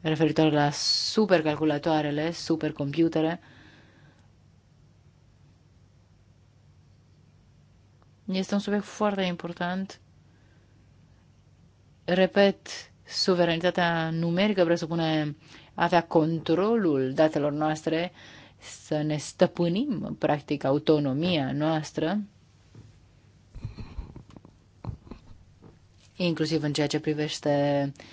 referitor la supercalculatoarele, supercomputere. Este un subiect foarte important. Repet, suveranitatea numerică presupune avea controlul datelor noastre, să ne stăpânim, practic, autonomia noastră, inclusiv în ceea ce privește uh,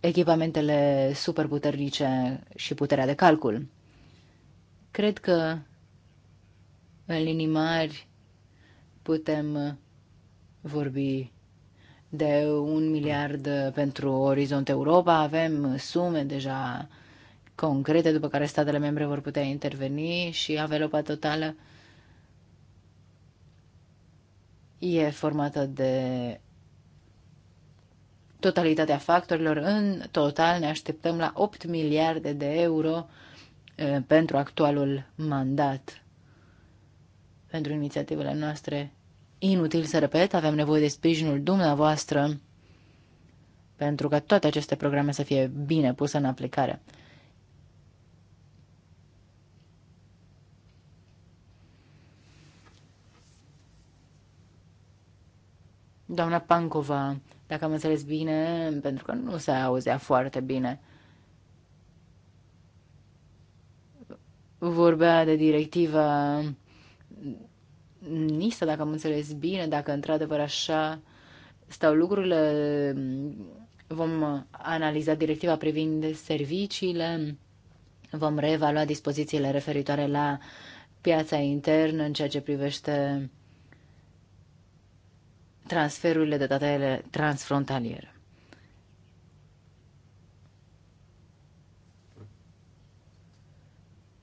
echipamentele superputernice și puterea de calcul. Cred că în linii mari putem vorbi de un miliard pentru Orizont Europa. Avem sume deja concrete după care statele membre vor putea interveni și avelopa totală e formată de totalitatea factorilor. În total ne așteptăm la 8 miliarde de euro pentru actualul mandat. Pentru inițiativele noastre, inutil să repet, avem nevoie de sprijinul dumneavoastră pentru ca toate aceste programe să fie bine puse în aplicare. Doamna Pancova dacă am înțeles bine, pentru că nu se auzea foarte bine. Vorbea de directiva NISA, dacă am înțeles bine, dacă într-adevăr așa stau lucrurile, vom analiza directiva privind serviciile, vom reevalua dispozițiile referitoare la piața internă în ceea ce privește transferurile de datele transfrontaliere.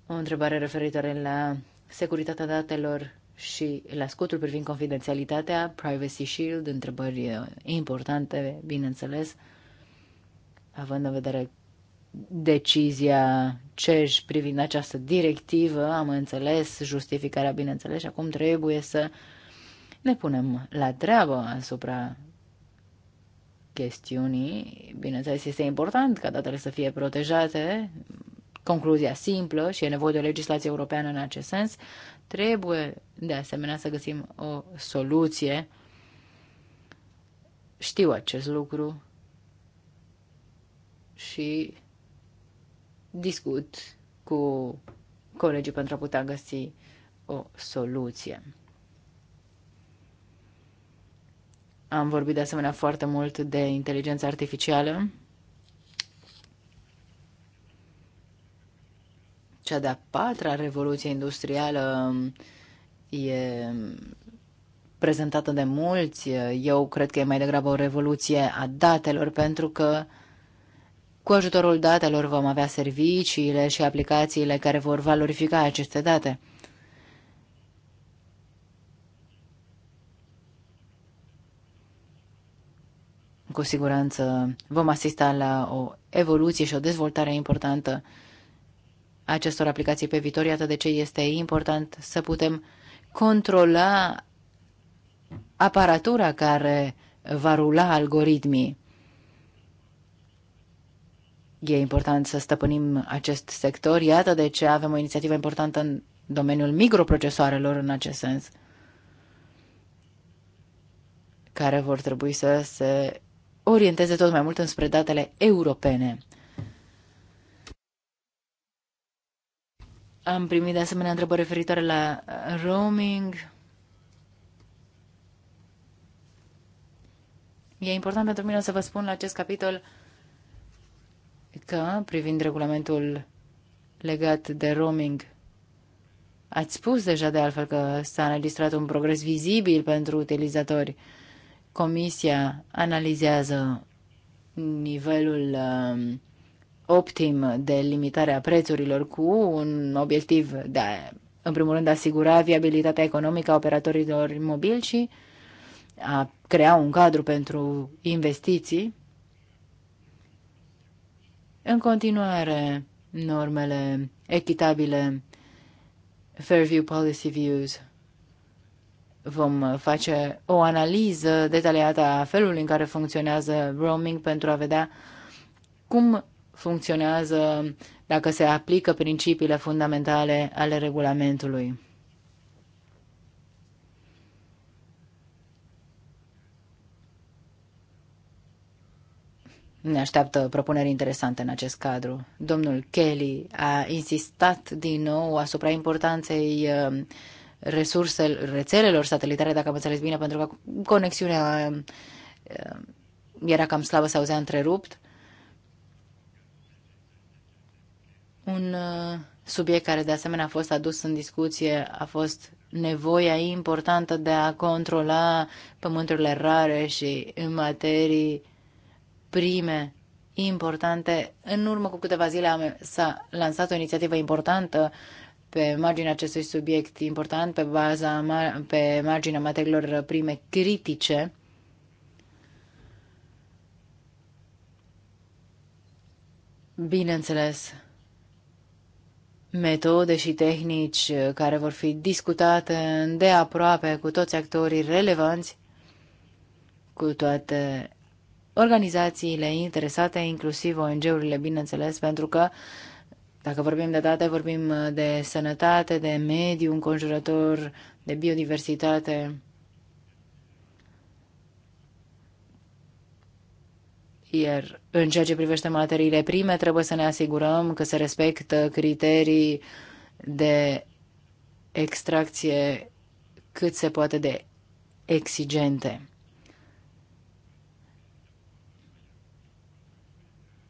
O întrebare referitoare la securitatea datelor și la scutul privind confidențialitatea, Privacy Shield, întrebări uh, importante, bineînțeles, având în vedere decizia CEJ privind această directivă, am înțeles justificarea, bineînțeles, și acum trebuie să uh, ne punem la treabă asupra chestiunii. Bineînțeles, este important ca datele să fie protejate. Concluzia simplă și e nevoie de o legislație europeană în acest sens. Trebuie, de asemenea, să găsim o soluție. Știu acest lucru și discut cu colegii pentru a putea găsi o soluție. Am vorbit de asemenea foarte mult de inteligență artificială. Cea de-a patra revoluție industrială e prezentată de mulți. Eu cred că e mai degrabă o revoluție a datelor, pentru că cu ajutorul datelor vom avea serviciile și aplicațiile care vor valorifica aceste date. cu siguranță vom asista la o evoluție și o dezvoltare importantă acestor aplicații pe viitor. Iată de ce este important să putem controla aparatura care va rula algoritmii. E important să stăpânim acest sector. Iată de ce avem o inițiativă importantă în domeniul microprocesoarelor în acest sens, care vor trebui să se orienteze tot mai mult înspre datele europene. Am primit de asemenea întrebări referitoare la roaming. E important pentru mine să vă spun la acest capitol că, privind regulamentul legat de roaming, ați spus deja de altfel că s-a înregistrat un progres vizibil pentru utilizatori. Comisia analizează nivelul um, optim de limitare a prețurilor cu un obiectiv de a, în primul rând, asigura viabilitatea economică a operatorilor mobili și a crea un cadru pentru investiții. În continuare, normele echitabile, Fairview Policy Views, Vom face o analiză detaliată a felului în care funcționează roaming pentru a vedea cum funcționează dacă se aplică principiile fundamentale ale regulamentului. Ne așteaptă propuneri interesante în acest cadru. Domnul Kelly a insistat din nou asupra importanței uh, resursel, rețelelor satelitare, dacă am înțeles bine, pentru că conexiunea um, um, era cam slabă, se auzea întrerupt. Un uh, subiect care de asemenea a fost adus în discuție a fost nevoia importantă de a controla pământurile rare și în materii prime importante. În urmă cu câteva zile s-a lansat o inițiativă importantă pe marginea acestui subiect important, pe, baza, pe marginea materiilor prime critice. Bineînțeles, metode și tehnici care vor fi discutate de aproape cu toți actorii relevanți, cu toate organizațiile interesate, inclusiv ONG-urile, bineînțeles, pentru că uh, dacă vorbim de date, vorbim uh, de sănătate, de mediu înconjurător, de biodiversitate. Iar în ceea ce privește materiile prime, trebuie să ne asigurăm că se respectă criterii de extracție cât se poate de exigente.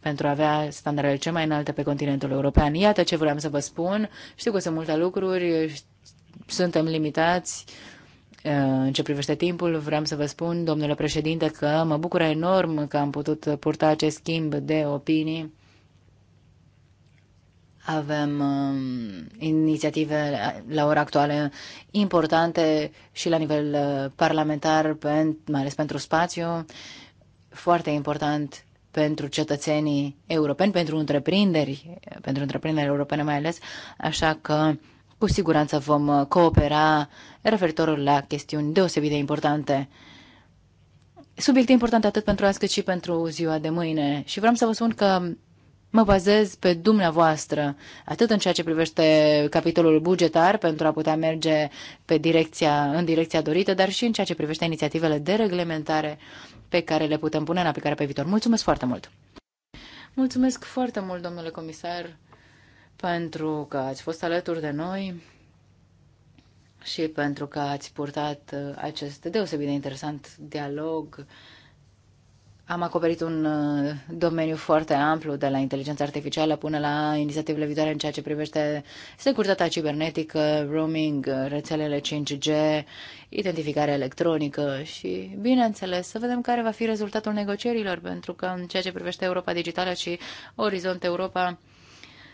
pentru a avea standardele cele mai înalte pe continentul european. Iată ce vreau să vă spun. Știu că sunt multe lucruri, suntem limitați uh, în ce privește timpul. Vreau să vă spun, domnule președinte, că mă bucură enorm că am putut purta acest schimb de opinii. Avem uh, inițiative la ora actuală importante și la nivel uh, parlamentar, pe, mai ales pentru spațiu. Foarte important pentru cetățenii europeni, pentru întreprinderi, pentru întreprinderi europene mai ales, așa că cu siguranță vom uh, coopera referitor la chestiuni deosebit de importante. Subiecte importante atât pentru azi cât și pentru ziua de mâine. Și vreau să vă spun că mă bazez pe dumneavoastră, atât în ceea ce privește capitolul bugetar pentru a putea merge pe direcția, în direcția dorită, dar și în ceea ce privește inițiativele de reglementare pe care le putem pune în aplicare pe viitor. Mulțumesc foarte mult! Mulțumesc foarte mult, domnule comisar, pentru că ați fost alături de noi și pentru că ați purtat uh, acest deosebit de interesant dialog am acoperit un uh, domeniu foarte amplu, de la inteligența artificială până la inițiativele viitoare în ceea ce privește securitatea cibernetică, roaming, uh, rețelele 5G, identificarea electronică și, bineînțeles, să vedem care va fi rezultatul negocierilor, pentru că în ceea ce privește Europa Digitală și Orizont Europa,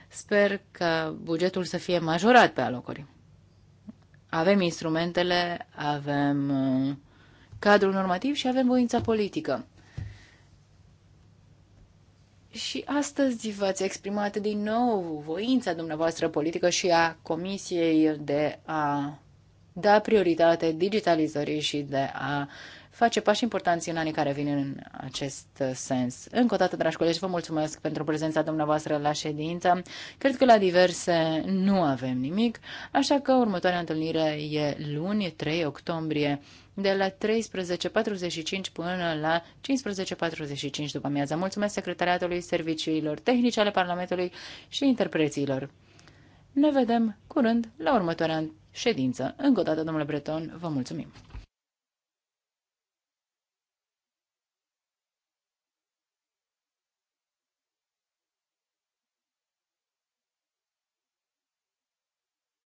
sper că bugetul să fie majorat pe alocuri. Avem instrumentele, avem uh, cadrul normativ și avem voința politică și astăzi v-ați exprimat din nou voința dumneavoastră politică și a Comisiei de a da prioritate digitalizării și de a face pași importanți în anii care vin în acest sens. Încă o dată, dragi colegi, vă mulțumesc pentru prezența dumneavoastră la ședință. Cred că la diverse nu avem nimic, așa că următoarea întâlnire e luni, 3 octombrie, de la 13.45 până la 15.45 după amiază. Mulțumesc Secretariatului Serviciilor Tehnice ale Parlamentului și interpreților. Ne vedem curând la următoarea ședință. Încă o dată, domnule Breton, vă mulțumim!